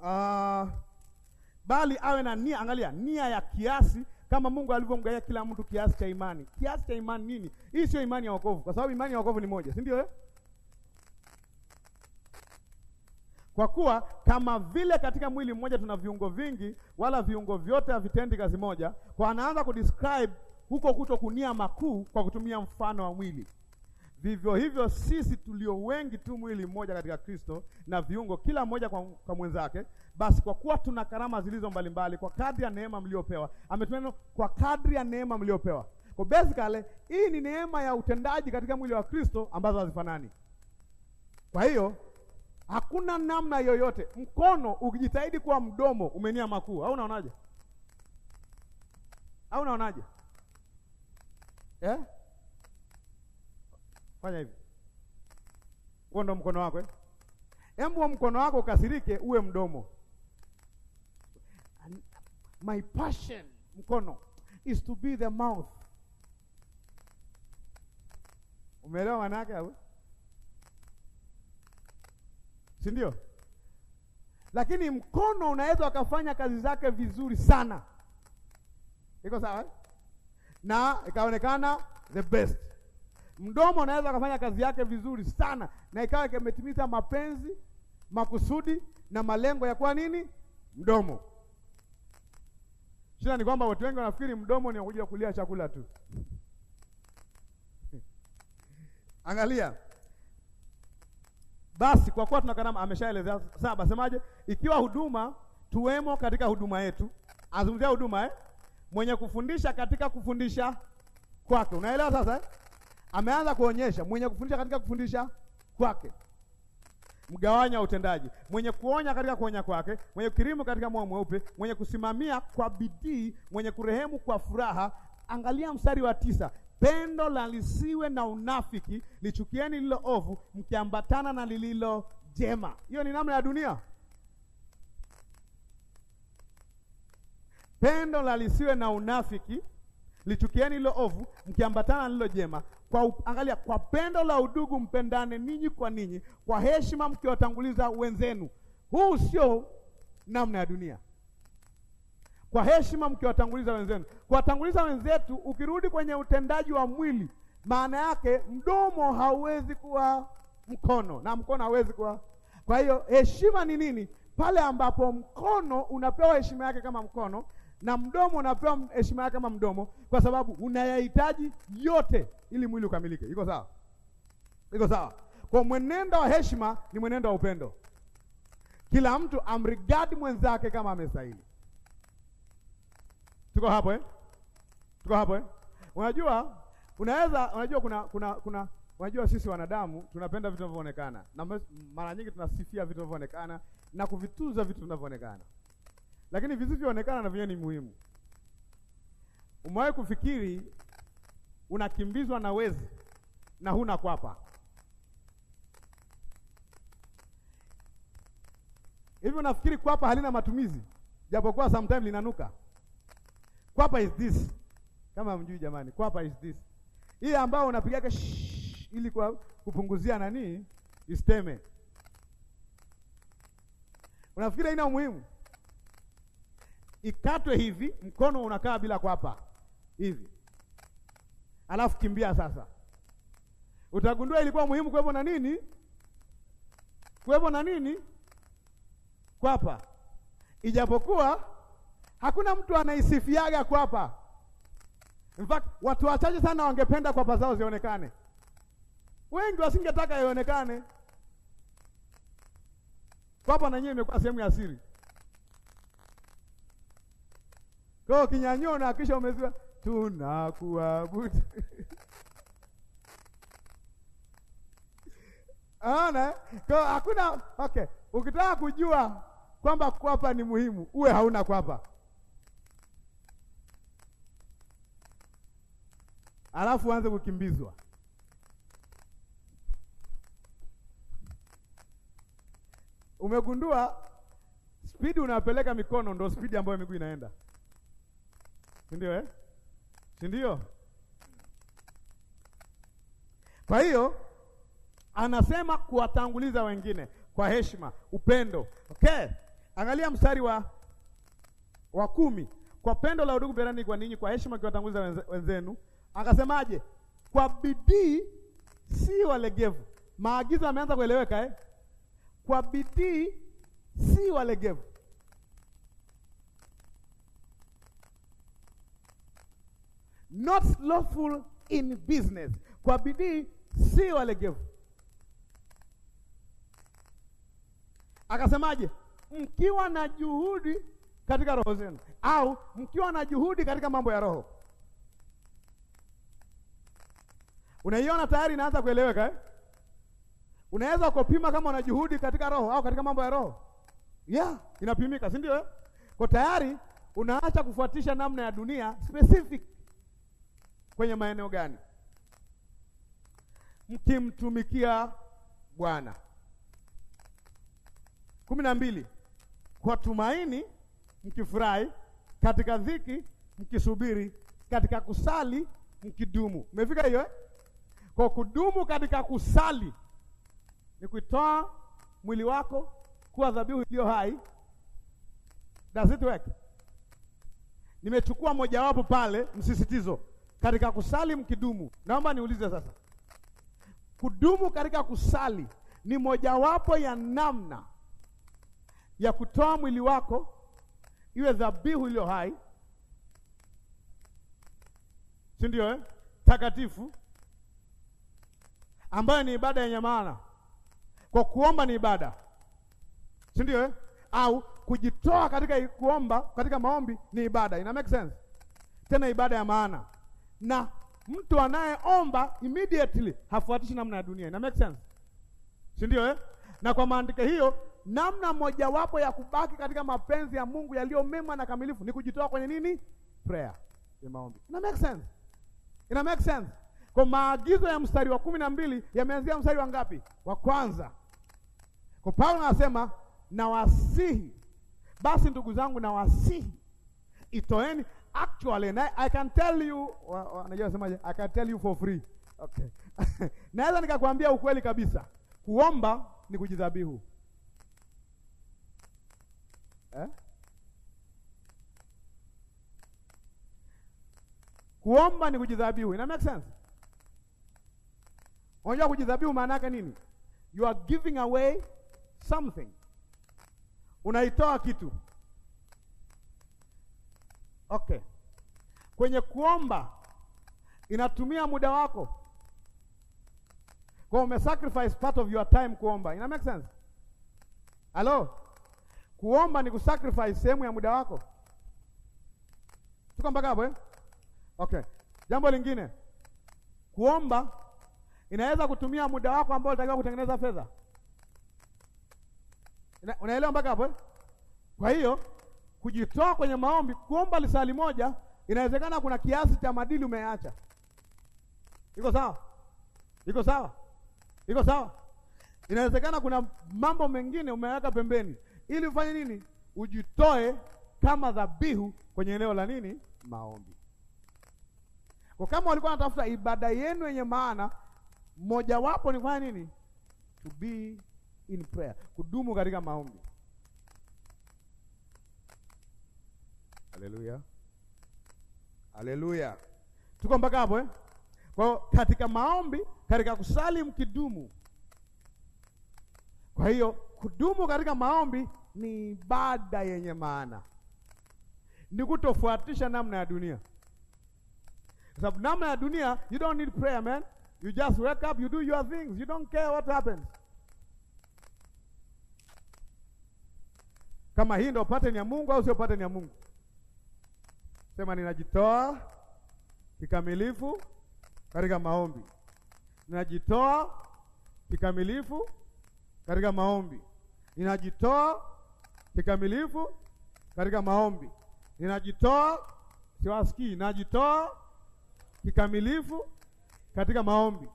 A: Uh, ah, bali awe na nia, angalia, nia ya kiasi kama Mungu alivyomgawia kila mtu kiasi cha imani. Kiasi cha imani nini? Hii sio imani ya wokovu, kwa sababu imani ya wokovu ni moja, si ndio eh? Kwa kuwa kama vile katika mwili mmoja tuna viungo vingi, wala viungo vyote havitendi kazi moja. Kwa anaanza kudescribe huko kuto kunia makuu kwa kutumia mfano wa mwili. Vivyo hivyo sisi tulio wengi tu mwili mmoja katika Kristo, na viungo kila mmoja kwa, kwa mwenzake. Basi kwa kuwa tuna karama zilizo mbalimbali kwa kadri ya neema mliopewa, ametumia neno kwa kadri ya neema mliopewa. Kwa basically hii ni neema ya utendaji katika mwili wa Kristo ambazo hazifanani. Kwa hiyo Hakuna namna yoyote. Mkono ukijitahidi kuwa mdomo umenia makuu, au unaonaje? Au unaonaje? Eh? Fanya hivi. Huo ndo mkono wako eh? Hebu mkono wako ukasirike uwe mdomo. My passion mkono is to be the mouth. Umeelewa maana yake si ndio? Lakini mkono unaweza ukafanya kazi zake vizuri sana, iko sawa, na ikaonekana the best. Mdomo unaweza ukafanya kazi yake vizuri sana, na ikawa kimetimiza mapenzi, makusudi na malengo ya kuwa nini mdomo. Shida ni kwamba watu wengi wanafikiri mdomo ni kuja kulia chakula tu. Angalia basi kwa kuwa tunakanama, ameshaelezea saba, semaje? Ikiwa huduma, tuwemo katika huduma yetu. Azungumzia huduma eh? Mwenye kufundisha katika kufundisha kwake, unaelewa sasa eh? Ameanza kuonyesha mwenye kufundisha katika kufundisha kwake, mgawanya utendaji, mwenye kuonya katika kuonya kwake, mwenye kukirimu katika moyo mweupe, mwenye kusimamia kwa bidii, mwenye kurehemu kwa furaha. Angalia mstari wa tisa, Pendo la lisiwe na unafiki, lichukieni lilo ovu, mkiambatana na lililo jema. Hiyo ni namna ya dunia. Pendo la lisiwe na unafiki, lichukieni lilo ovu, mkiambatana na lilo jema. Kwa, angalia, kwa pendo la udugu mpendane ninyi kwa ninyi, kwa heshima mkiwatanguliza wenzenu. Huu sio namna ya dunia kwa heshima mkiwatanguliza wenzenu. Kuwatanguliza wenzetu, ukirudi kwenye utendaji wa mwili, maana yake mdomo hauwezi kuwa mkono na mkono hauwezi kuwa. Kwa hiyo heshima ni nini? Pale ambapo mkono unapewa heshima yake kama mkono na mdomo unapewa heshima yake kama mdomo, kwa sababu unayahitaji yote ili mwili ukamilike. Iko sawa? Iko sawa? Kwa mwenendo wa heshima ni mwenendo wa upendo. Kila mtu amrigadi mwenzake kama amestahili. Tuko hapo eh? Tuko hapo eh? Unajua unaweza unajua kuna kuna kuna unajua sisi wanadamu tunapenda vitu vinavyoonekana. Na mara nyingi tunasifia vitu vinavyoonekana na kuvitunza vitu vinavyoonekana. Lakini visivyoonekana na vyenyewe ni muhimu. Umewahi kufikiri unakimbizwa na wezi na huna kwapa? Hivi unafikiri kwapa halina matumizi? Japokuwa sometimes linanuka. Kwapa is this. Kama mjui jamani, kwapa is this. Hii ambayo unapigaga ili kwa kupunguzia nani isteme. Unafikiri ina umuhimu? Ikatwe hivi, mkono unakaa bila kwapa hivi, alafu kimbia sasa. Utagundua ilikuwa muhimu kuwepo na nini, kuwepo na nini kwapa, ijapokuwa Hakuna mtu anaisifiaga kwapa. In fact, watu wachache sana wangependa kwapa zao zionekane, wengi wasingetaka ionekane. Kwapa na nyewe imekuwa sehemu ya siri. Kwa hiyo kinyanyona kisha umeziwa tunakuabudu. Ana, kwa hakuna okay. Ukitaka kujua kwamba kwapa ni muhimu, uwe hauna kwapa. alafu uanze kukimbizwa. Umegundua spidi unapeleka mikono ndo spidi ambayo miguu inaenda, si ndio eh? si ndio? Kwa hiyo anasema kuwatanguliza wengine kwa heshima, upendo. Okay, angalia mstari wa wa kumi. Kwa pendo la udugu berani kwa ninyi, kwa heshima kiwatanguliza wenzenu Akasemaje? Kwa bidii si walegevu. Maagizo yameanza kueleweka eh? Kwa bidii si walegevu. Not slothful in business. Kwa bidii si walegevu. Akasemaje? Mkiwa na juhudi katika roho zenu, au mkiwa na juhudi katika mambo ya roho Unaiona tayari inaanza kueleweka eh? Unaweza kupima kama una juhudi katika roho au katika mambo ya roho. Yeah, inapimika, si ndio eh? Kwa tayari unaacha kufuatisha namna ya dunia specific kwenye maeneo gani? Mkimtumikia Bwana. kumi na mbili, kwa tumaini mkifurahi, katika dhiki mkisubiri, katika kusali mkidumu. Umefika hiyo eh? Kwa kudumu katika kusali ni kuitoa mwili wako kuwa dhabihu iliyo hai. Does it work? Nimechukua mojawapo pale, msisitizo katika kusali mkidumu. Naomba niulize sasa, kudumu katika kusali ni mojawapo ya namna ya kutoa mwili wako iwe dhabihu iliyo hai, si ndio eh? Takatifu ambayo ni ibada yenye maana. Kwa kuomba ni ibada, si ndio eh? Au kujitoa katika kuomba, katika maombi ni ibada, ina make sense, tena ibada ya maana. Na mtu anayeomba immediately hafuatishi namna ya dunia, ina make sense, si ndio eh? Na kwa maandiko hiyo, namna mojawapo ya kubaki katika mapenzi ya Mungu yaliyo mema na kamilifu ni kujitoa kwenye nini? Prayer, maombi. Ina make sense, ina make sense. Kwa maagizo ya mstari wa kumi na mbili yameanzia mstari wa ngapi? Wa kwanza. Kwa Paulo anasema nawasihi, basi ndugu zangu, nawasihi itoeni. Actually na, I can tell you, unajua nasemaje? I can tell you for free okay. Naweza nikakwambia ukweli kabisa, kuomba ni kujidhabihu eh? Kuomba ni kujidhabihu, ina make sense? Unajua kujidhabihu maana yake nini? You are giving away something, unaitoa kitu. Okay, kwenye kuomba inatumia muda wako, kwa ume sacrifice part of your time kuomba. Ina make sense? Hello? Kuomba ni kusacrifice sehemu ya muda wako. Tuko mpaka hapo eh? Okay. Jambo lingine kuomba inaweza kutumia muda wako ambao ulitakiwa kutengeneza fedha. Unaelewa mpaka hapo eh? Kwa hiyo kujitoa kwenye maombi, kuomba lisali moja, inawezekana kuna kiasi cha madili umeacha. Iko sawa? Iko sawa? Iko sawa? Inawezekana kuna mambo mengine umeweka pembeni ili ufanye nini? Ujitoe kama dhabihu kwenye eneo la nini? Maombi. Kwa kama walikuwa wanatafuta ibada yenu yenye maana mojawapo ni kufanya nini? To be in prayer, kudumu katika maombi. Haleluya, haleluya, tuko mpaka hapo eh? Kwa hiyo katika maombi, katika kusali mkidumu. Kwa hiyo kudumu katika maombi ni ibada yenye maana, ni kutofuatisha namna ya dunia, kwa sababu namna ya dunia, you don't need prayer man You just wake up, you do your things. You don't care what happens. Kama hii ndio pattern ya Mungu au sio pattern ya Mungu? Sema ninajitoa kikamilifu katika maombi. Ninajitoa kikamilifu katika maombi. Ninajitoa kikamilifu katika maombi. Ninajitoa siwasikii. Ninajitoa kikamilifu katika maombi,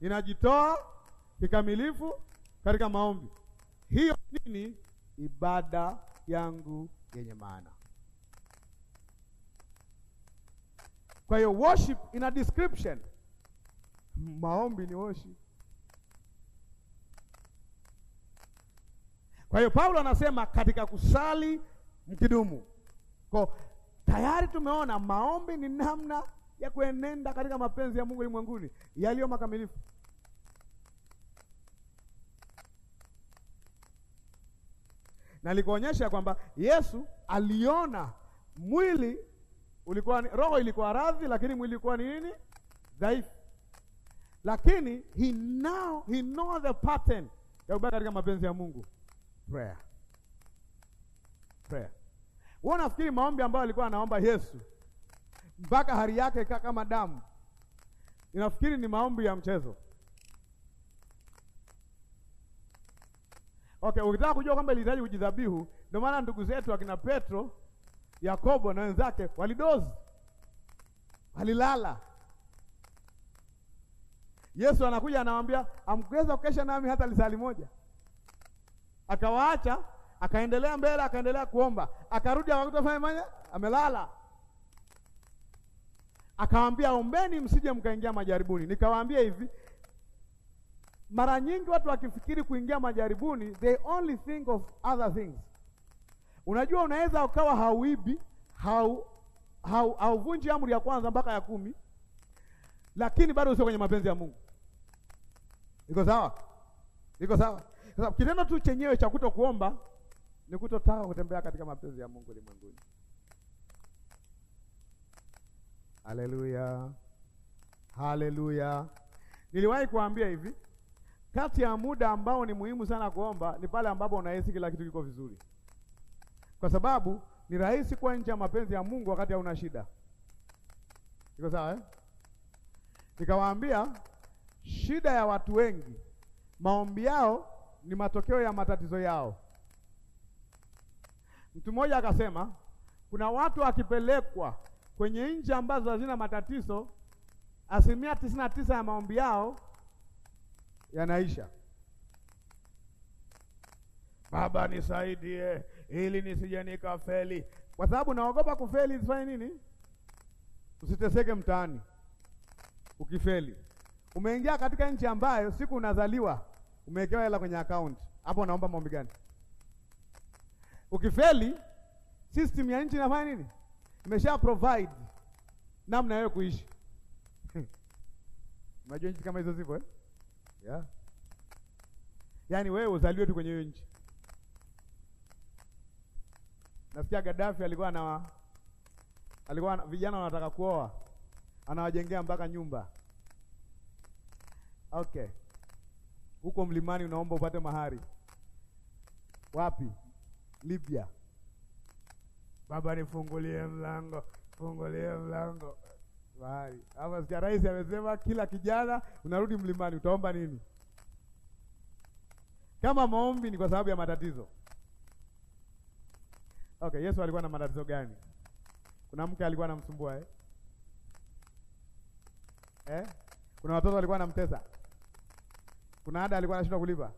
A: inajitoa kikamilifu katika maombi. Hiyo nini? Ibada yangu yenye maana. Kwa hiyo worship ina description. Maombi ni worship. Kwa hiyo Paulo anasema katika kusali mkidumu. Kwa tayari tumeona maombi ni namna ya kuenenda katika mapenzi ya Mungu ulimwenguni yaliyo makamilifu. na Nalikuonyesha kwamba Yesu aliona mwili ulikuwa ni, roho ilikuwa radhi, lakini mwili ulikuwa ni nini? Dhaifu. Lakini he now he know the pattern ya kubaki katika mapenzi ya Mungu. Prayer, prayer. Wewe unafikiri maombi ambayo alikuwa anaomba Yesu mpaka hali yake ikaa kama damu. Inafikiri ni maombi ya mchezo. Okay, ukitaka kujua kwamba ilihitaji kujidhabihu, ndio maana ndugu zetu akina Petro, Yakobo na wenzake walidozi, walilala. Yesu anakuja anawaambia, amkuweza kukesha nami hata lisali moja. Akawaacha, akaendelea mbele, akaendelea kuomba, akarudi akakuta fanya manya amelala. Akawaambia, ombeni msije mkaingia majaribuni. Nikawaambia hivi, mara nyingi watu wakifikiri kuingia majaribuni, they only think of other things. Unajua, unaweza ukawa hauibi, hau hauvunji amri ya kwanza mpaka ya kumi, lakini bado sio kwenye mapenzi ya Mungu. Iko sawa? Iko sawa? Kitendo tu chenyewe cha kutokuomba ni kutotaka kutembea katika mapenzi ya Mungu ulimwenguni. Haleluya, haleluya. Niliwahi kuambia hivi, kati ya muda ambao ni muhimu sana kuomba ni pale ambapo unahisi kila kitu kiko vizuri, kwa sababu ni rahisi kuwa nje ya mapenzi ya Mungu wakati hauna shida. Iko sawa eh? Nikawaambia shida ya watu wengi, maombi yao ni matokeo ya matatizo yao. Mtu mmoja akasema kuna watu akipelekwa Kwenye nchi ambazo hazina matatizo, asilimia tisini na tisa ya maombi yao yanaisha. Baba nisaidie, ili nisije nikafeli, kwa sababu naogopa kufeli. Usifanye nini? Usiteseke mtaani ukifeli. Umeingia katika nchi ambayo siku unazaliwa umewekewa hela kwenye akaunti, hapo unaomba maombi gani? Ukifeli, system ya nchi inafanya nini? Nimesha provide namna wewe kuishi. Unajua nchi kama hizo zipo eh? Yeah. Yaani wewe uzaliwe tu kwenye hiyo nchi. Nasikia Gaddafi alikuwa na alikuwa na, vijana wanataka kuoa, anawajengea mpaka nyumba. Okay. Huko mlimani unaomba upate mahari. Wapi? Libya. Baba nifungulie mlango, fungulie mlango bali. Hapa sikia rais amesema kila kijana unarudi mlimani utaomba nini? Kama maombi ni kwa sababu ya matatizo. Okay, Yesu alikuwa na matatizo gani? Kuna mke alikuwa anamsumbua eh? Eh? Kuna watoto walikuwa anamtesa. Kuna ada alikuwa anashindwa kulipa.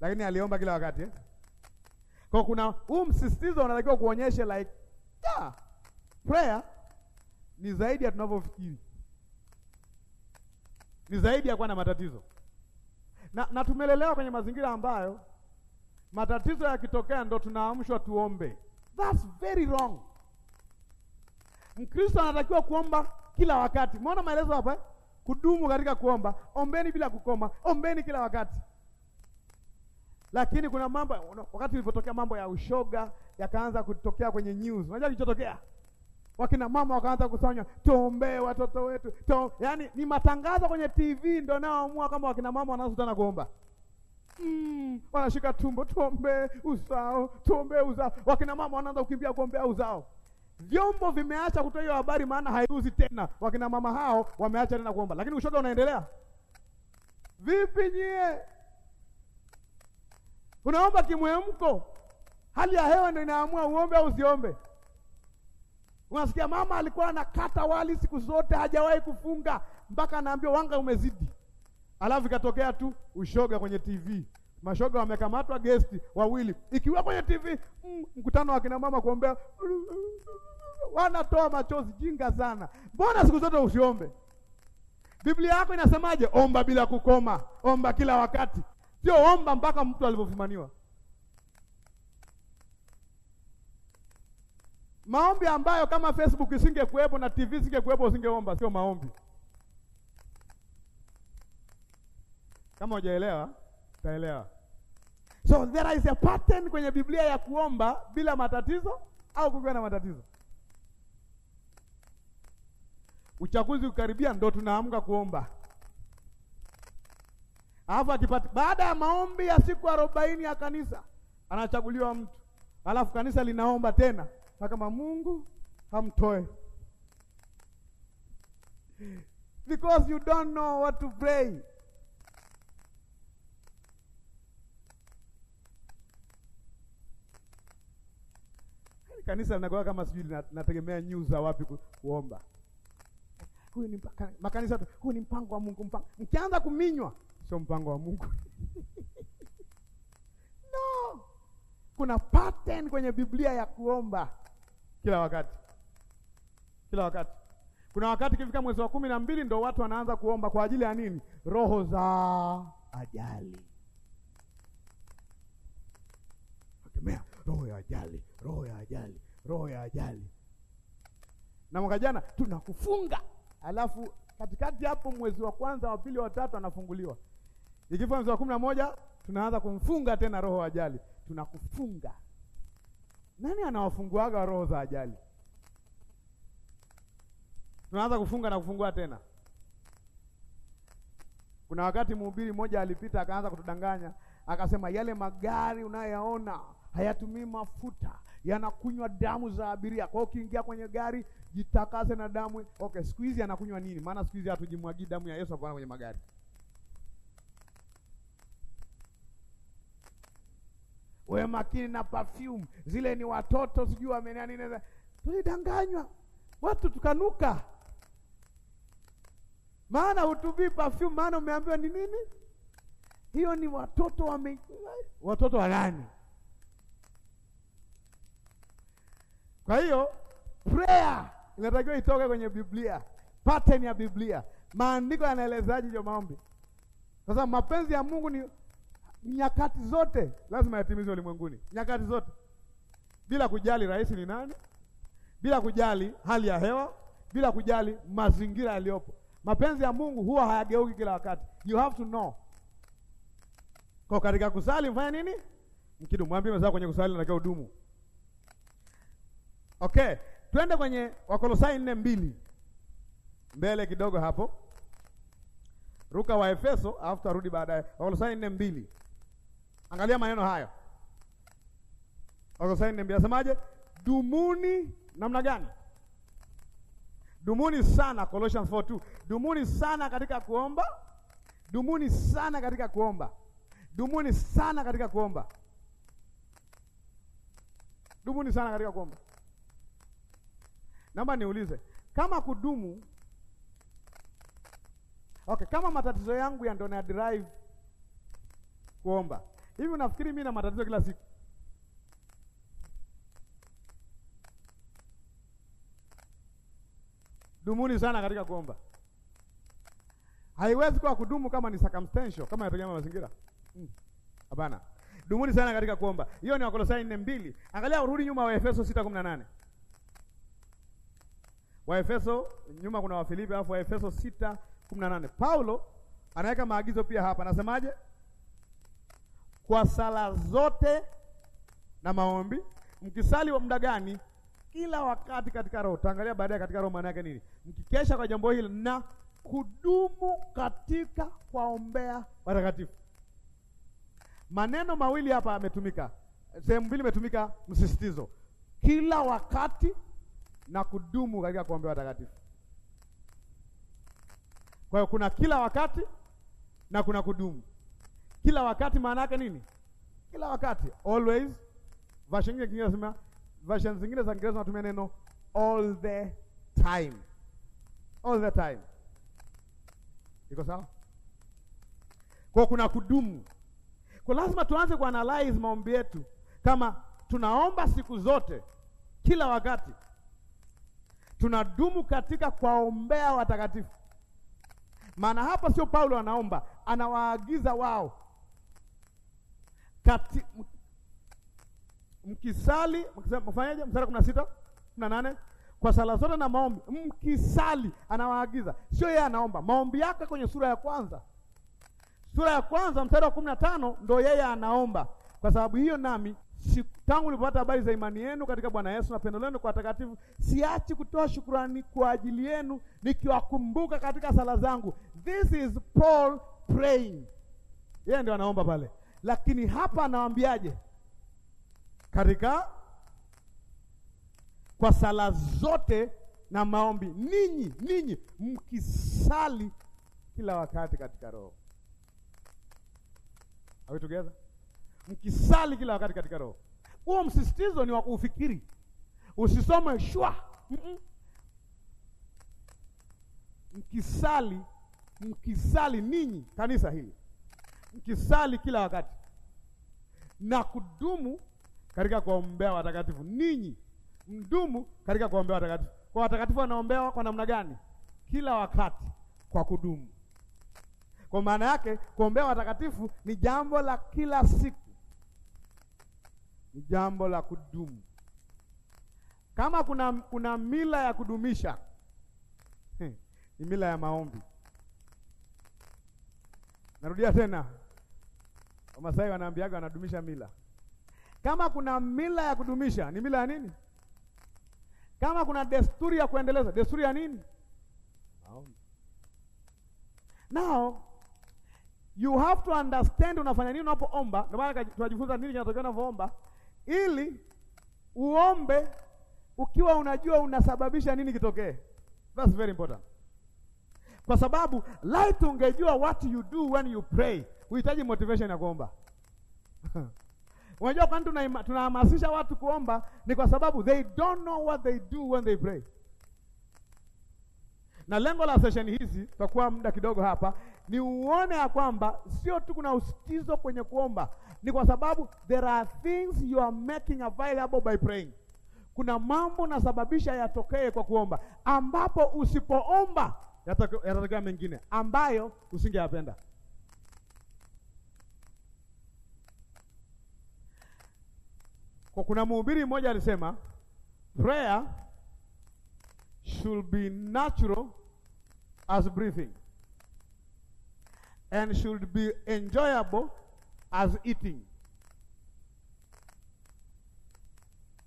A: Lakini aliomba kila wakati eh? Kwa kuna huu msisitizo unatakiwa kuonyeshe like yeah, prayer ni zaidi ya tunavyofikiri, ni zaidi ya kuwa na matatizo na, na tumelelewa kwenye mazingira ambayo matatizo yakitokea ndo tunaamshwa tuombe. That's very wrong. Mkristo anatakiwa kuomba kila wakati. Umeona maelezo hapa eh? Kudumu katika kuomba, ombeni bila kukoma, ombeni kila wakati. Lakini kuna mambo, wakati ilipotokea mambo ya ushoga yakaanza kutokea kwenye news, unajua kilichotokea, wakina mama wakaanza kusanya, tuombee watoto wetu to, yani ni matangazo kwenye TV ndio naoamua kama wakina mama wanaanza tena kuomba Mm, wanashika tumbo, tuombee uzao, tuombee uzao. Wakina mama wanaanza kukimbia kuombea uzao. Vyombo vimeacha kutoa hiyo habari, maana haiuzi tena. Wakina mama hao wameacha tena kuomba, lakini ushoga unaendelea. Vipi nyie? Unaomba kimwemko, hali ya hewa ndio inaamua uombe au usiombe. Unasikia mama alikuwa anakata wali siku zote, hajawahi kufunga mpaka anaambiwa wanga umezidi, alafu ikatokea tu ushoga kwenye TV. Mashoga wamekamatwa guest wawili, ikiwa kwenye TV mm, mkutano wa kina mama kuombea, wanatoa machozi. Jinga sana! Mbona siku zote usiombe? Biblia yako inasemaje? Omba bila kukoma, omba kila wakati sio omba mpaka mtu alivyofumaniwa. Maombi ambayo kama Facebook isingekuwepo na TV isingekuwepo usingeomba, sio maombi. Kama hujaelewa utaelewa. So there is a pattern kwenye Biblia ya kuomba bila matatizo au kukiwa na matatizo. Uchaguzi ukaribia ndo tunaamka kuomba. Alafu akipata baada ya maombi ya siku arobaini ya kanisa anachaguliwa mtu, alafu kanisa linaomba tena kama Mungu hamtoe, because you don't know what to pray. Yaani kanisa linakuwa kama sijui linategemea news za wapi kuomba. Huyu ni makanisa, huyu ni mpango wa Mungu, mpango mkianza kuminywa sio mpango wa Mungu no, kuna pattern kwenye Biblia ya kuomba kila wakati, kila wakati. Kuna wakati kifika mwezi wa kumi na mbili ndio watu wanaanza kuomba kwa ajili ya nini? Roho za ajali akemea, roho ya ajali, roho ya ajali, roho ya ajali. Na mwaka jana tunakufunga, alafu katikati hapo mwezi wa kwanza wa pili wa tatu anafunguliwa Ikifika mstari wa kumi na moja tunaanza kumfunga tena roho ajali, tunakufunga. Nani anawafunguaga roho za ajali? Tunaanza kufunga na kufungua tena. Kuna wakati mhubiri mmoja alipita akaanza kutudanganya, akasema yale magari unayoyaona hayatumii mafuta, yanakunywa damu za abiria. Kwa hiyo ukiingia kwenye gari jitakase na damu. Okay, siku hizi anakunywa nini? Maana siku hizi hatujimwagii damu ya Yesu hapana kwenye magari. wewe makini na perfume zile, ni watoto sijui wamenea nini. Tulidanganywa watu tukanuka, maana hutumii perfume, maana umeambiwa ni nini hiyo. Ni watoto wame, watoto wa nani? Kwa hiyo prayer inatakiwa itoke kwenye Biblia, pattern ya Biblia, maandiko yanaelezaje hiyo maombi. Sasa mapenzi ya Mungu ni nyakati zote lazima yatimizwe ulimwenguni, nyakati zote, bila kujali rais ni nani, bila kujali hali ya hewa, bila kujali mazingira yaliyopo. Mapenzi ya Mungu huwa hayageuki kila wakati, you have to know. Kwa katika kusali mfanya nini? Mkidumu, mwambie mzao kwenye kusali na udumu. Okay, twende kwenye Wakolosai nne mbili mbele kidogo hapo, ruka wa Efeso, alafu tarudi baadaye Wakolosai nne mbili. Angalia maneno hayo, Wakolosai nne mbili asemaje? Dumuni namna gani? Dumuni sana, Colossians 4:2. Dumuni sana katika kuomba, dumuni sana katika kuomba, dumuni sana katika kuomba, dumuni sana katika kuomba. Naomba niulize kama kudumu, okay, kama matatizo yangu ya ndo na drive kuomba Hivi unafikiri mimi na matatizo kila siku? Dumuni sana katika kuomba. Haiwezi kuwa kudumu kama ni circumstantial, kama inategemea mazingira. Hmm. Hapana. Hmm. Dumuni sana katika kuomba. Hiyo ni Wakolosai 4:2. Angalia urudi nyuma wa Efeso 6:18. Wa Efeso nyuma kuna Wafilipi, alafu Waefeso 6:18. Paulo anaweka maagizo pia hapa. Anasemaje? kwa sala zote na maombi mkisali wa muda gani? Kila wakati katika roho. Tuangalia baadaye katika roho maana yake nini? Mkikesha kwa jambo hili na kudumu katika kuwaombea watakatifu. Maneno mawili hapa yametumika, sehemu mbili imetumika msisitizo, kila wakati na kudumu katika kuombea watakatifu. Kwa hiyo kuna kila wakati na kuna kudumu. Kila wakati maana yake nini? Kila wakati, always. Version nyingine Kiingereza sema, version zingine za Kiingereza natumia neno all the time, all the time. Iko sawa? Kwa kuna kudumu, kwa lazima tuanze analyze maombi yetu kama tunaomba siku zote, kila wakati tunadumu katika kuwaombea watakatifu. Maana hapa sio Paulo anaomba, anawaagiza wao kati mkisali mfanyaje? Mstari kumi na sita kumi na nane kwa sala zote na maombi mkisali, anawaagiza, sio yeye anaomba. Maombi yake kwenye sura ya kwanza, sura ya kwanza mstari wa kumi na tano ndo yeye anaomba. Kwa sababu hiyo nami tangu nilipopata habari za imani yenu katika Bwana Yesu na pendo lenu kwa watakatifu, siachi kutoa shukurani kwa ajili yenu, nikiwakumbuka katika sala zangu. This is Paul praying, yeye ndio anaomba pale lakini hapa anawaambiaje? Katika kwa sala zote na maombi ninyi ninyi mkisali kila wakati katika roho. Are we together? Mkisali kila wakati katika roho. Huo msisitizo ni wa kufikiri, usisome shwa mm -mm. Mkisali mkisali ninyi kanisa hili mkisali kila wakati na kudumu katika kuombea watakatifu. Ninyi mdumu katika kuombea watakatifu. Kwa watakatifu wanaombewa kwa namna gani? Kila wakati, kwa kudumu. Kwa maana yake kuombea watakatifu ni jambo la kila siku, ni jambo la kudumu. Kama kuna, kuna mila ya kudumisha ni mila ya maombi. Narudia tena, Wamasai wanaambiaga wanadumisha mila. Kama kuna mila ya kudumisha, ni mila ya nini? Kama kuna desturi ya kuendeleza, desturi ya nini? Maombi. Now you have to understand unafanya nini unapoomba. Ndio maana tunajifunza nini kinatokea unapoomba, ili uombe ukiwa unajua unasababisha nini kitokee. That's very important kwa sababu light ungejua what you do when you pray, uhitaji motivation ya kuomba Unajua, kwani tunahamasisha watu kuomba ni kwa sababu they don't know what they do when they pray. Na lengo la session hizi, tutakuwa muda kidogo hapa, ni uone ya kwamba sio tu kuna usitizo kwenye kuomba, ni kwa sababu there are things you are making available by praying. Kuna mambo nasababisha yatokee kwa kuomba, ambapo usipoomba yatatokea mengine ambayo usingeyapenda. Kwa kuna mhubiri mmoja alisema prayer should be natural as breathing and should be enjoyable as eating.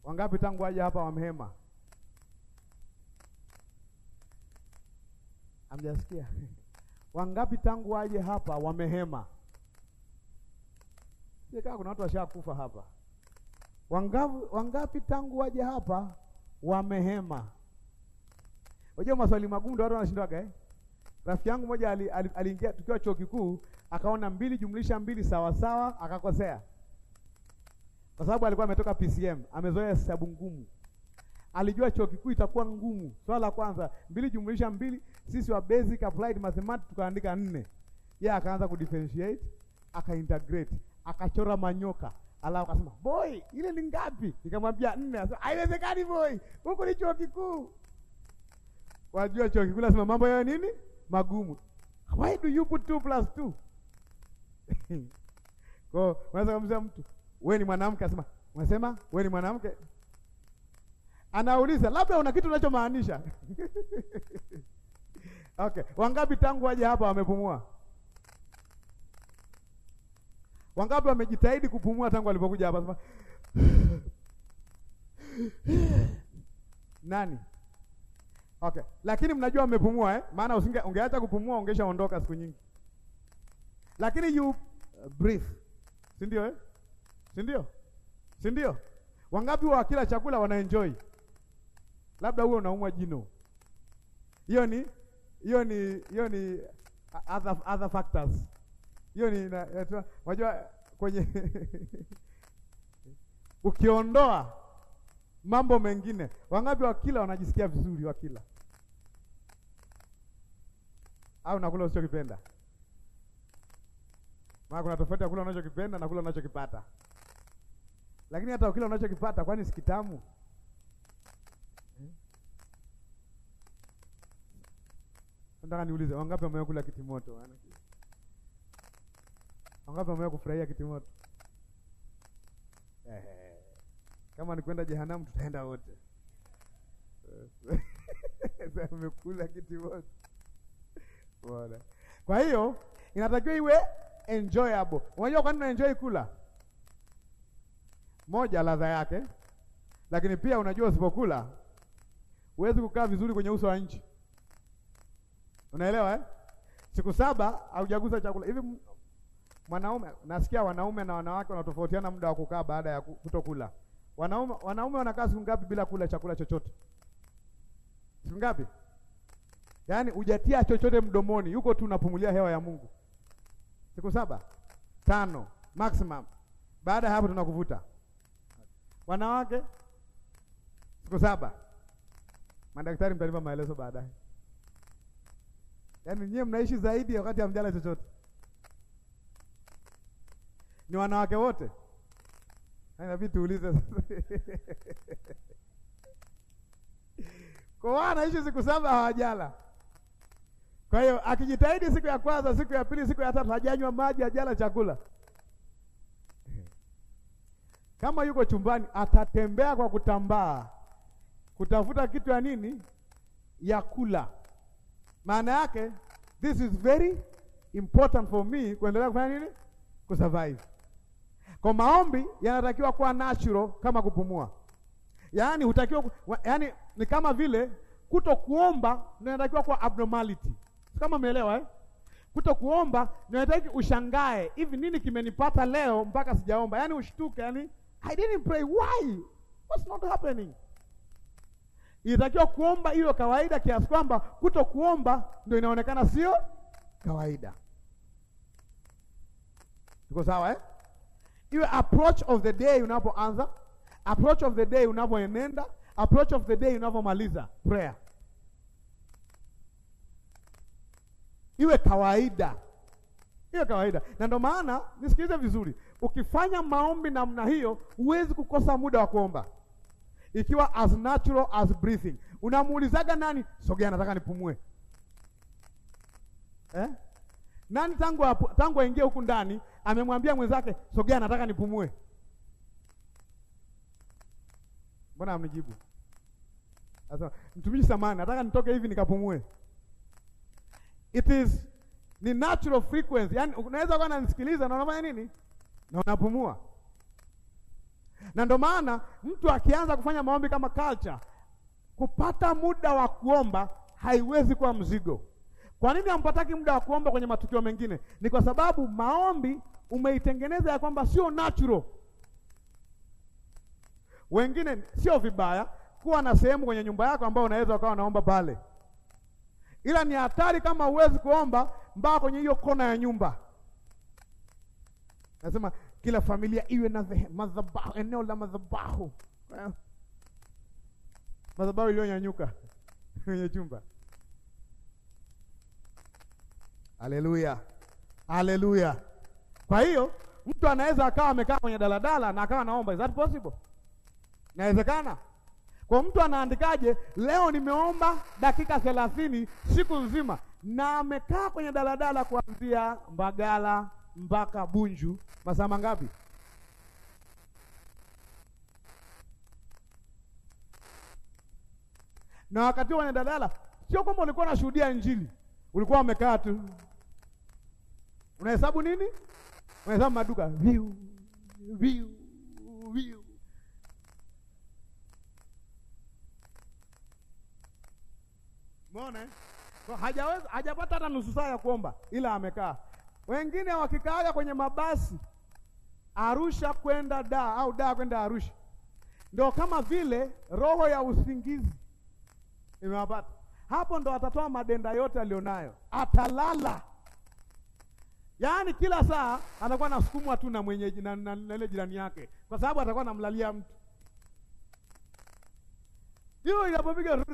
A: Wangapi tangu waje hapa wamehema? Amjasikia Wangapi tangu waje hapa wamehema? Kama kuna watu washakufa hapa. Wangapi, wangapi tangu waje hapa wamehema? Unajua maswali magumu ndio watu wanashindwaga eh? Rafiki yangu mmoja aliingia ali, ali, ali, tukiwa chuo kikuu akaona mbili jumlisha mbili sawa sawa akakosea. Kwa sababu alikuwa ametoka PCM, amezoea hesabu ngumu. Alijua chuo kikuu itakuwa ngumu. Swala la kwanza, mbili jumlisha mbili sisi wa basic applied mathematics tukaandika nne, yeye akaanza ku differentiate, aka integrate, akachora manyoka Alafu akasema boy, ile ni ngapi? Nikamwambia nne. Akasema haiwezekani boy, Huko ni chuo kikuu. Wajua chuo kikuu lazima mambo yao nini magumu. Why do you put 2 plus 2? Kwa unaweza kumsema mtu wewe ni mwanamke, asema unasema wewe ni mwanamke, anauliza labda una kitu unachomaanisha. Okay, wangapi tangu waje hapa wamepumua? Wangapi wamejitahidi kupumua tangu walipokuja hapa? Sema nani? Okay, lakini mnajua mmepumua eh? Maana usinge ungeacha kupumua ondoka siku nyingi. Lakini you uh, breathe. Si ndio eh? Si ndio? Si ndio? Wangapi wa kila chakula wanaenjoy? Labda huo unaumwa jino. Hiyo ni hiyo ni hiyo ni other, other factors. Hiyo ni unajua kwenye ukiondoa mambo mengine, wangapi wakila wanajisikia vizuri wakila? Au nakula usichokipenda? Maana kuna tofauti ya kula unachokipenda na kula unachokipata. Lakini hata ukila unachokipata, kwani sikitamu Nataka niulize wangapi wamewahi kula kitimoto? Wangapi wamewahi kufurahia kitimoto? Eh. Kama ni kwenda jehanamu tutaenda wote. Sasa umekula kitimoto. Bora. Kwa hiyo inatakiwa iwe enjoyable. Unajua kwa nini enjoy kula? Moja, ladha yake, lakini pia unajua usipokula huwezi kukaa vizuri kwenye uso wa nchi. Unaelewa eh? Siku saba haujagusa chakula hivi. Mwanaume nasikia wanaume na wanawake wanatofautiana muda wa kukaa baada ya kutokula. Wanaume wanaume wanakaa siku ngapi bila kula chakula chochote? Siku ngapi? Yaani hujatia chochote mdomoni, yuko tu unapumulia hewa ya Mungu. Siku saba tano maximum. Baada ya hapo tunakuvuta. Wanawake siku saba, madaktari mtanipa maelezo baadaye. Yaani nyie mnaishi zaidi wakati hamjala chochote. Ni wanawake wote. Inabidi tuulize Kwa anaishi siku saba hawajala. Kwa hiyo akijitahidi siku ya kwanza, siku ya pili, siku ya tatu hajanywa maji, hajala chakula. Kama yuko chumbani atatembea kwa kutambaa kutafuta kitu ya nini ya kula. Maana yake this is very important for me kuendelea kufanya nini? Kusurvive. Kwa maombi yanatakiwa kuwa natural kama kupumua. Yaani hutakiwa yaani ni kama vile kuto kuomba inatakiwa kuwa abnormality. Kama umeelewa eh? Kuto kuomba inataki ushangae. Hivi nini kimenipata leo mpaka sijaomba? Yaani ushtuke, yani I didn't pray why? What's not happening? Ilitakiwa kuomba iwe kawaida kiasi kwamba kuto kuomba ndio inaonekana sio kawaida. Iko sawa eh? Iwe approach of the day unapoanza, approach of the day unapoenenda, approach of the day unapomaliza prayer iwe kawaida, iwe kawaida. Na ndio maana nisikilize vizuri, ukifanya maombi namna hiyo huwezi kukosa muda wa kuomba ikiwa as natural as breathing. Unamuulizaga nani, sogea, nataka nipumue eh? Nani tangu hapo tangu aingie huku ndani amemwambia mwenzake sogea, nataka nipumue? Mbona amnijibu? Sasa mtumishi, samani, nataka nitoke hivi nikapumue. It is ni natural frequency, yaani unaweza kuwa unanisikiliza na unafanya nini na unapumua na ndio maana mtu akianza kufanya maombi kama culture, kupata muda wa kuomba haiwezi kuwa mzigo. Kwa nini hampataki muda wa kuomba kwenye matukio mengine? Ni kwa sababu maombi umeitengeneza ya kwamba sio natural. Wengine sio vibaya kuwa na sehemu kwenye nyumba yako ambayo unaweza ukawa unaomba pale, ila ni hatari kama huwezi kuomba mpaka kwenye hiyo kona ya nyumba. Nasema kila familia iwe na madhabahu, eneo la madhabahu, eh. madhabahu iliyonyanyuka kwenye chumba. Haleluya, haleluya. Kwa hiyo mtu anaweza akawa amekaa kwenye daladala na akawa anaomba. Is that possible? Inawezekana? Kwa mtu anaandikaje, leo nimeomba dakika thelathini siku nzima, na amekaa kwenye daladala kuanzia Mbagala mpaka Bunju, masaa mangapi? Na wakati wanaenda Dalala, sio kwamba ulikuwa unashuhudia Injili, ulikuwa umekaa tu unahesabu nini? Unahesabu maduka viu viu viu. Mbona eh? hajaweza hajapata hata nusu saa ya kuomba, ila amekaa wengine wakikaaga kwenye mabasi Arusha kwenda da au da kwenda Arusha, ndio kama vile roho ya usingizi imewapata hapo. Ndo atatoa madenda yote alionayo, atalala yaani kila saa anakuwa nasukumwa tu na mwenyeji na ile jirani yake, kwa sababu atakuwa anamlalia mtu hiyo inapopiga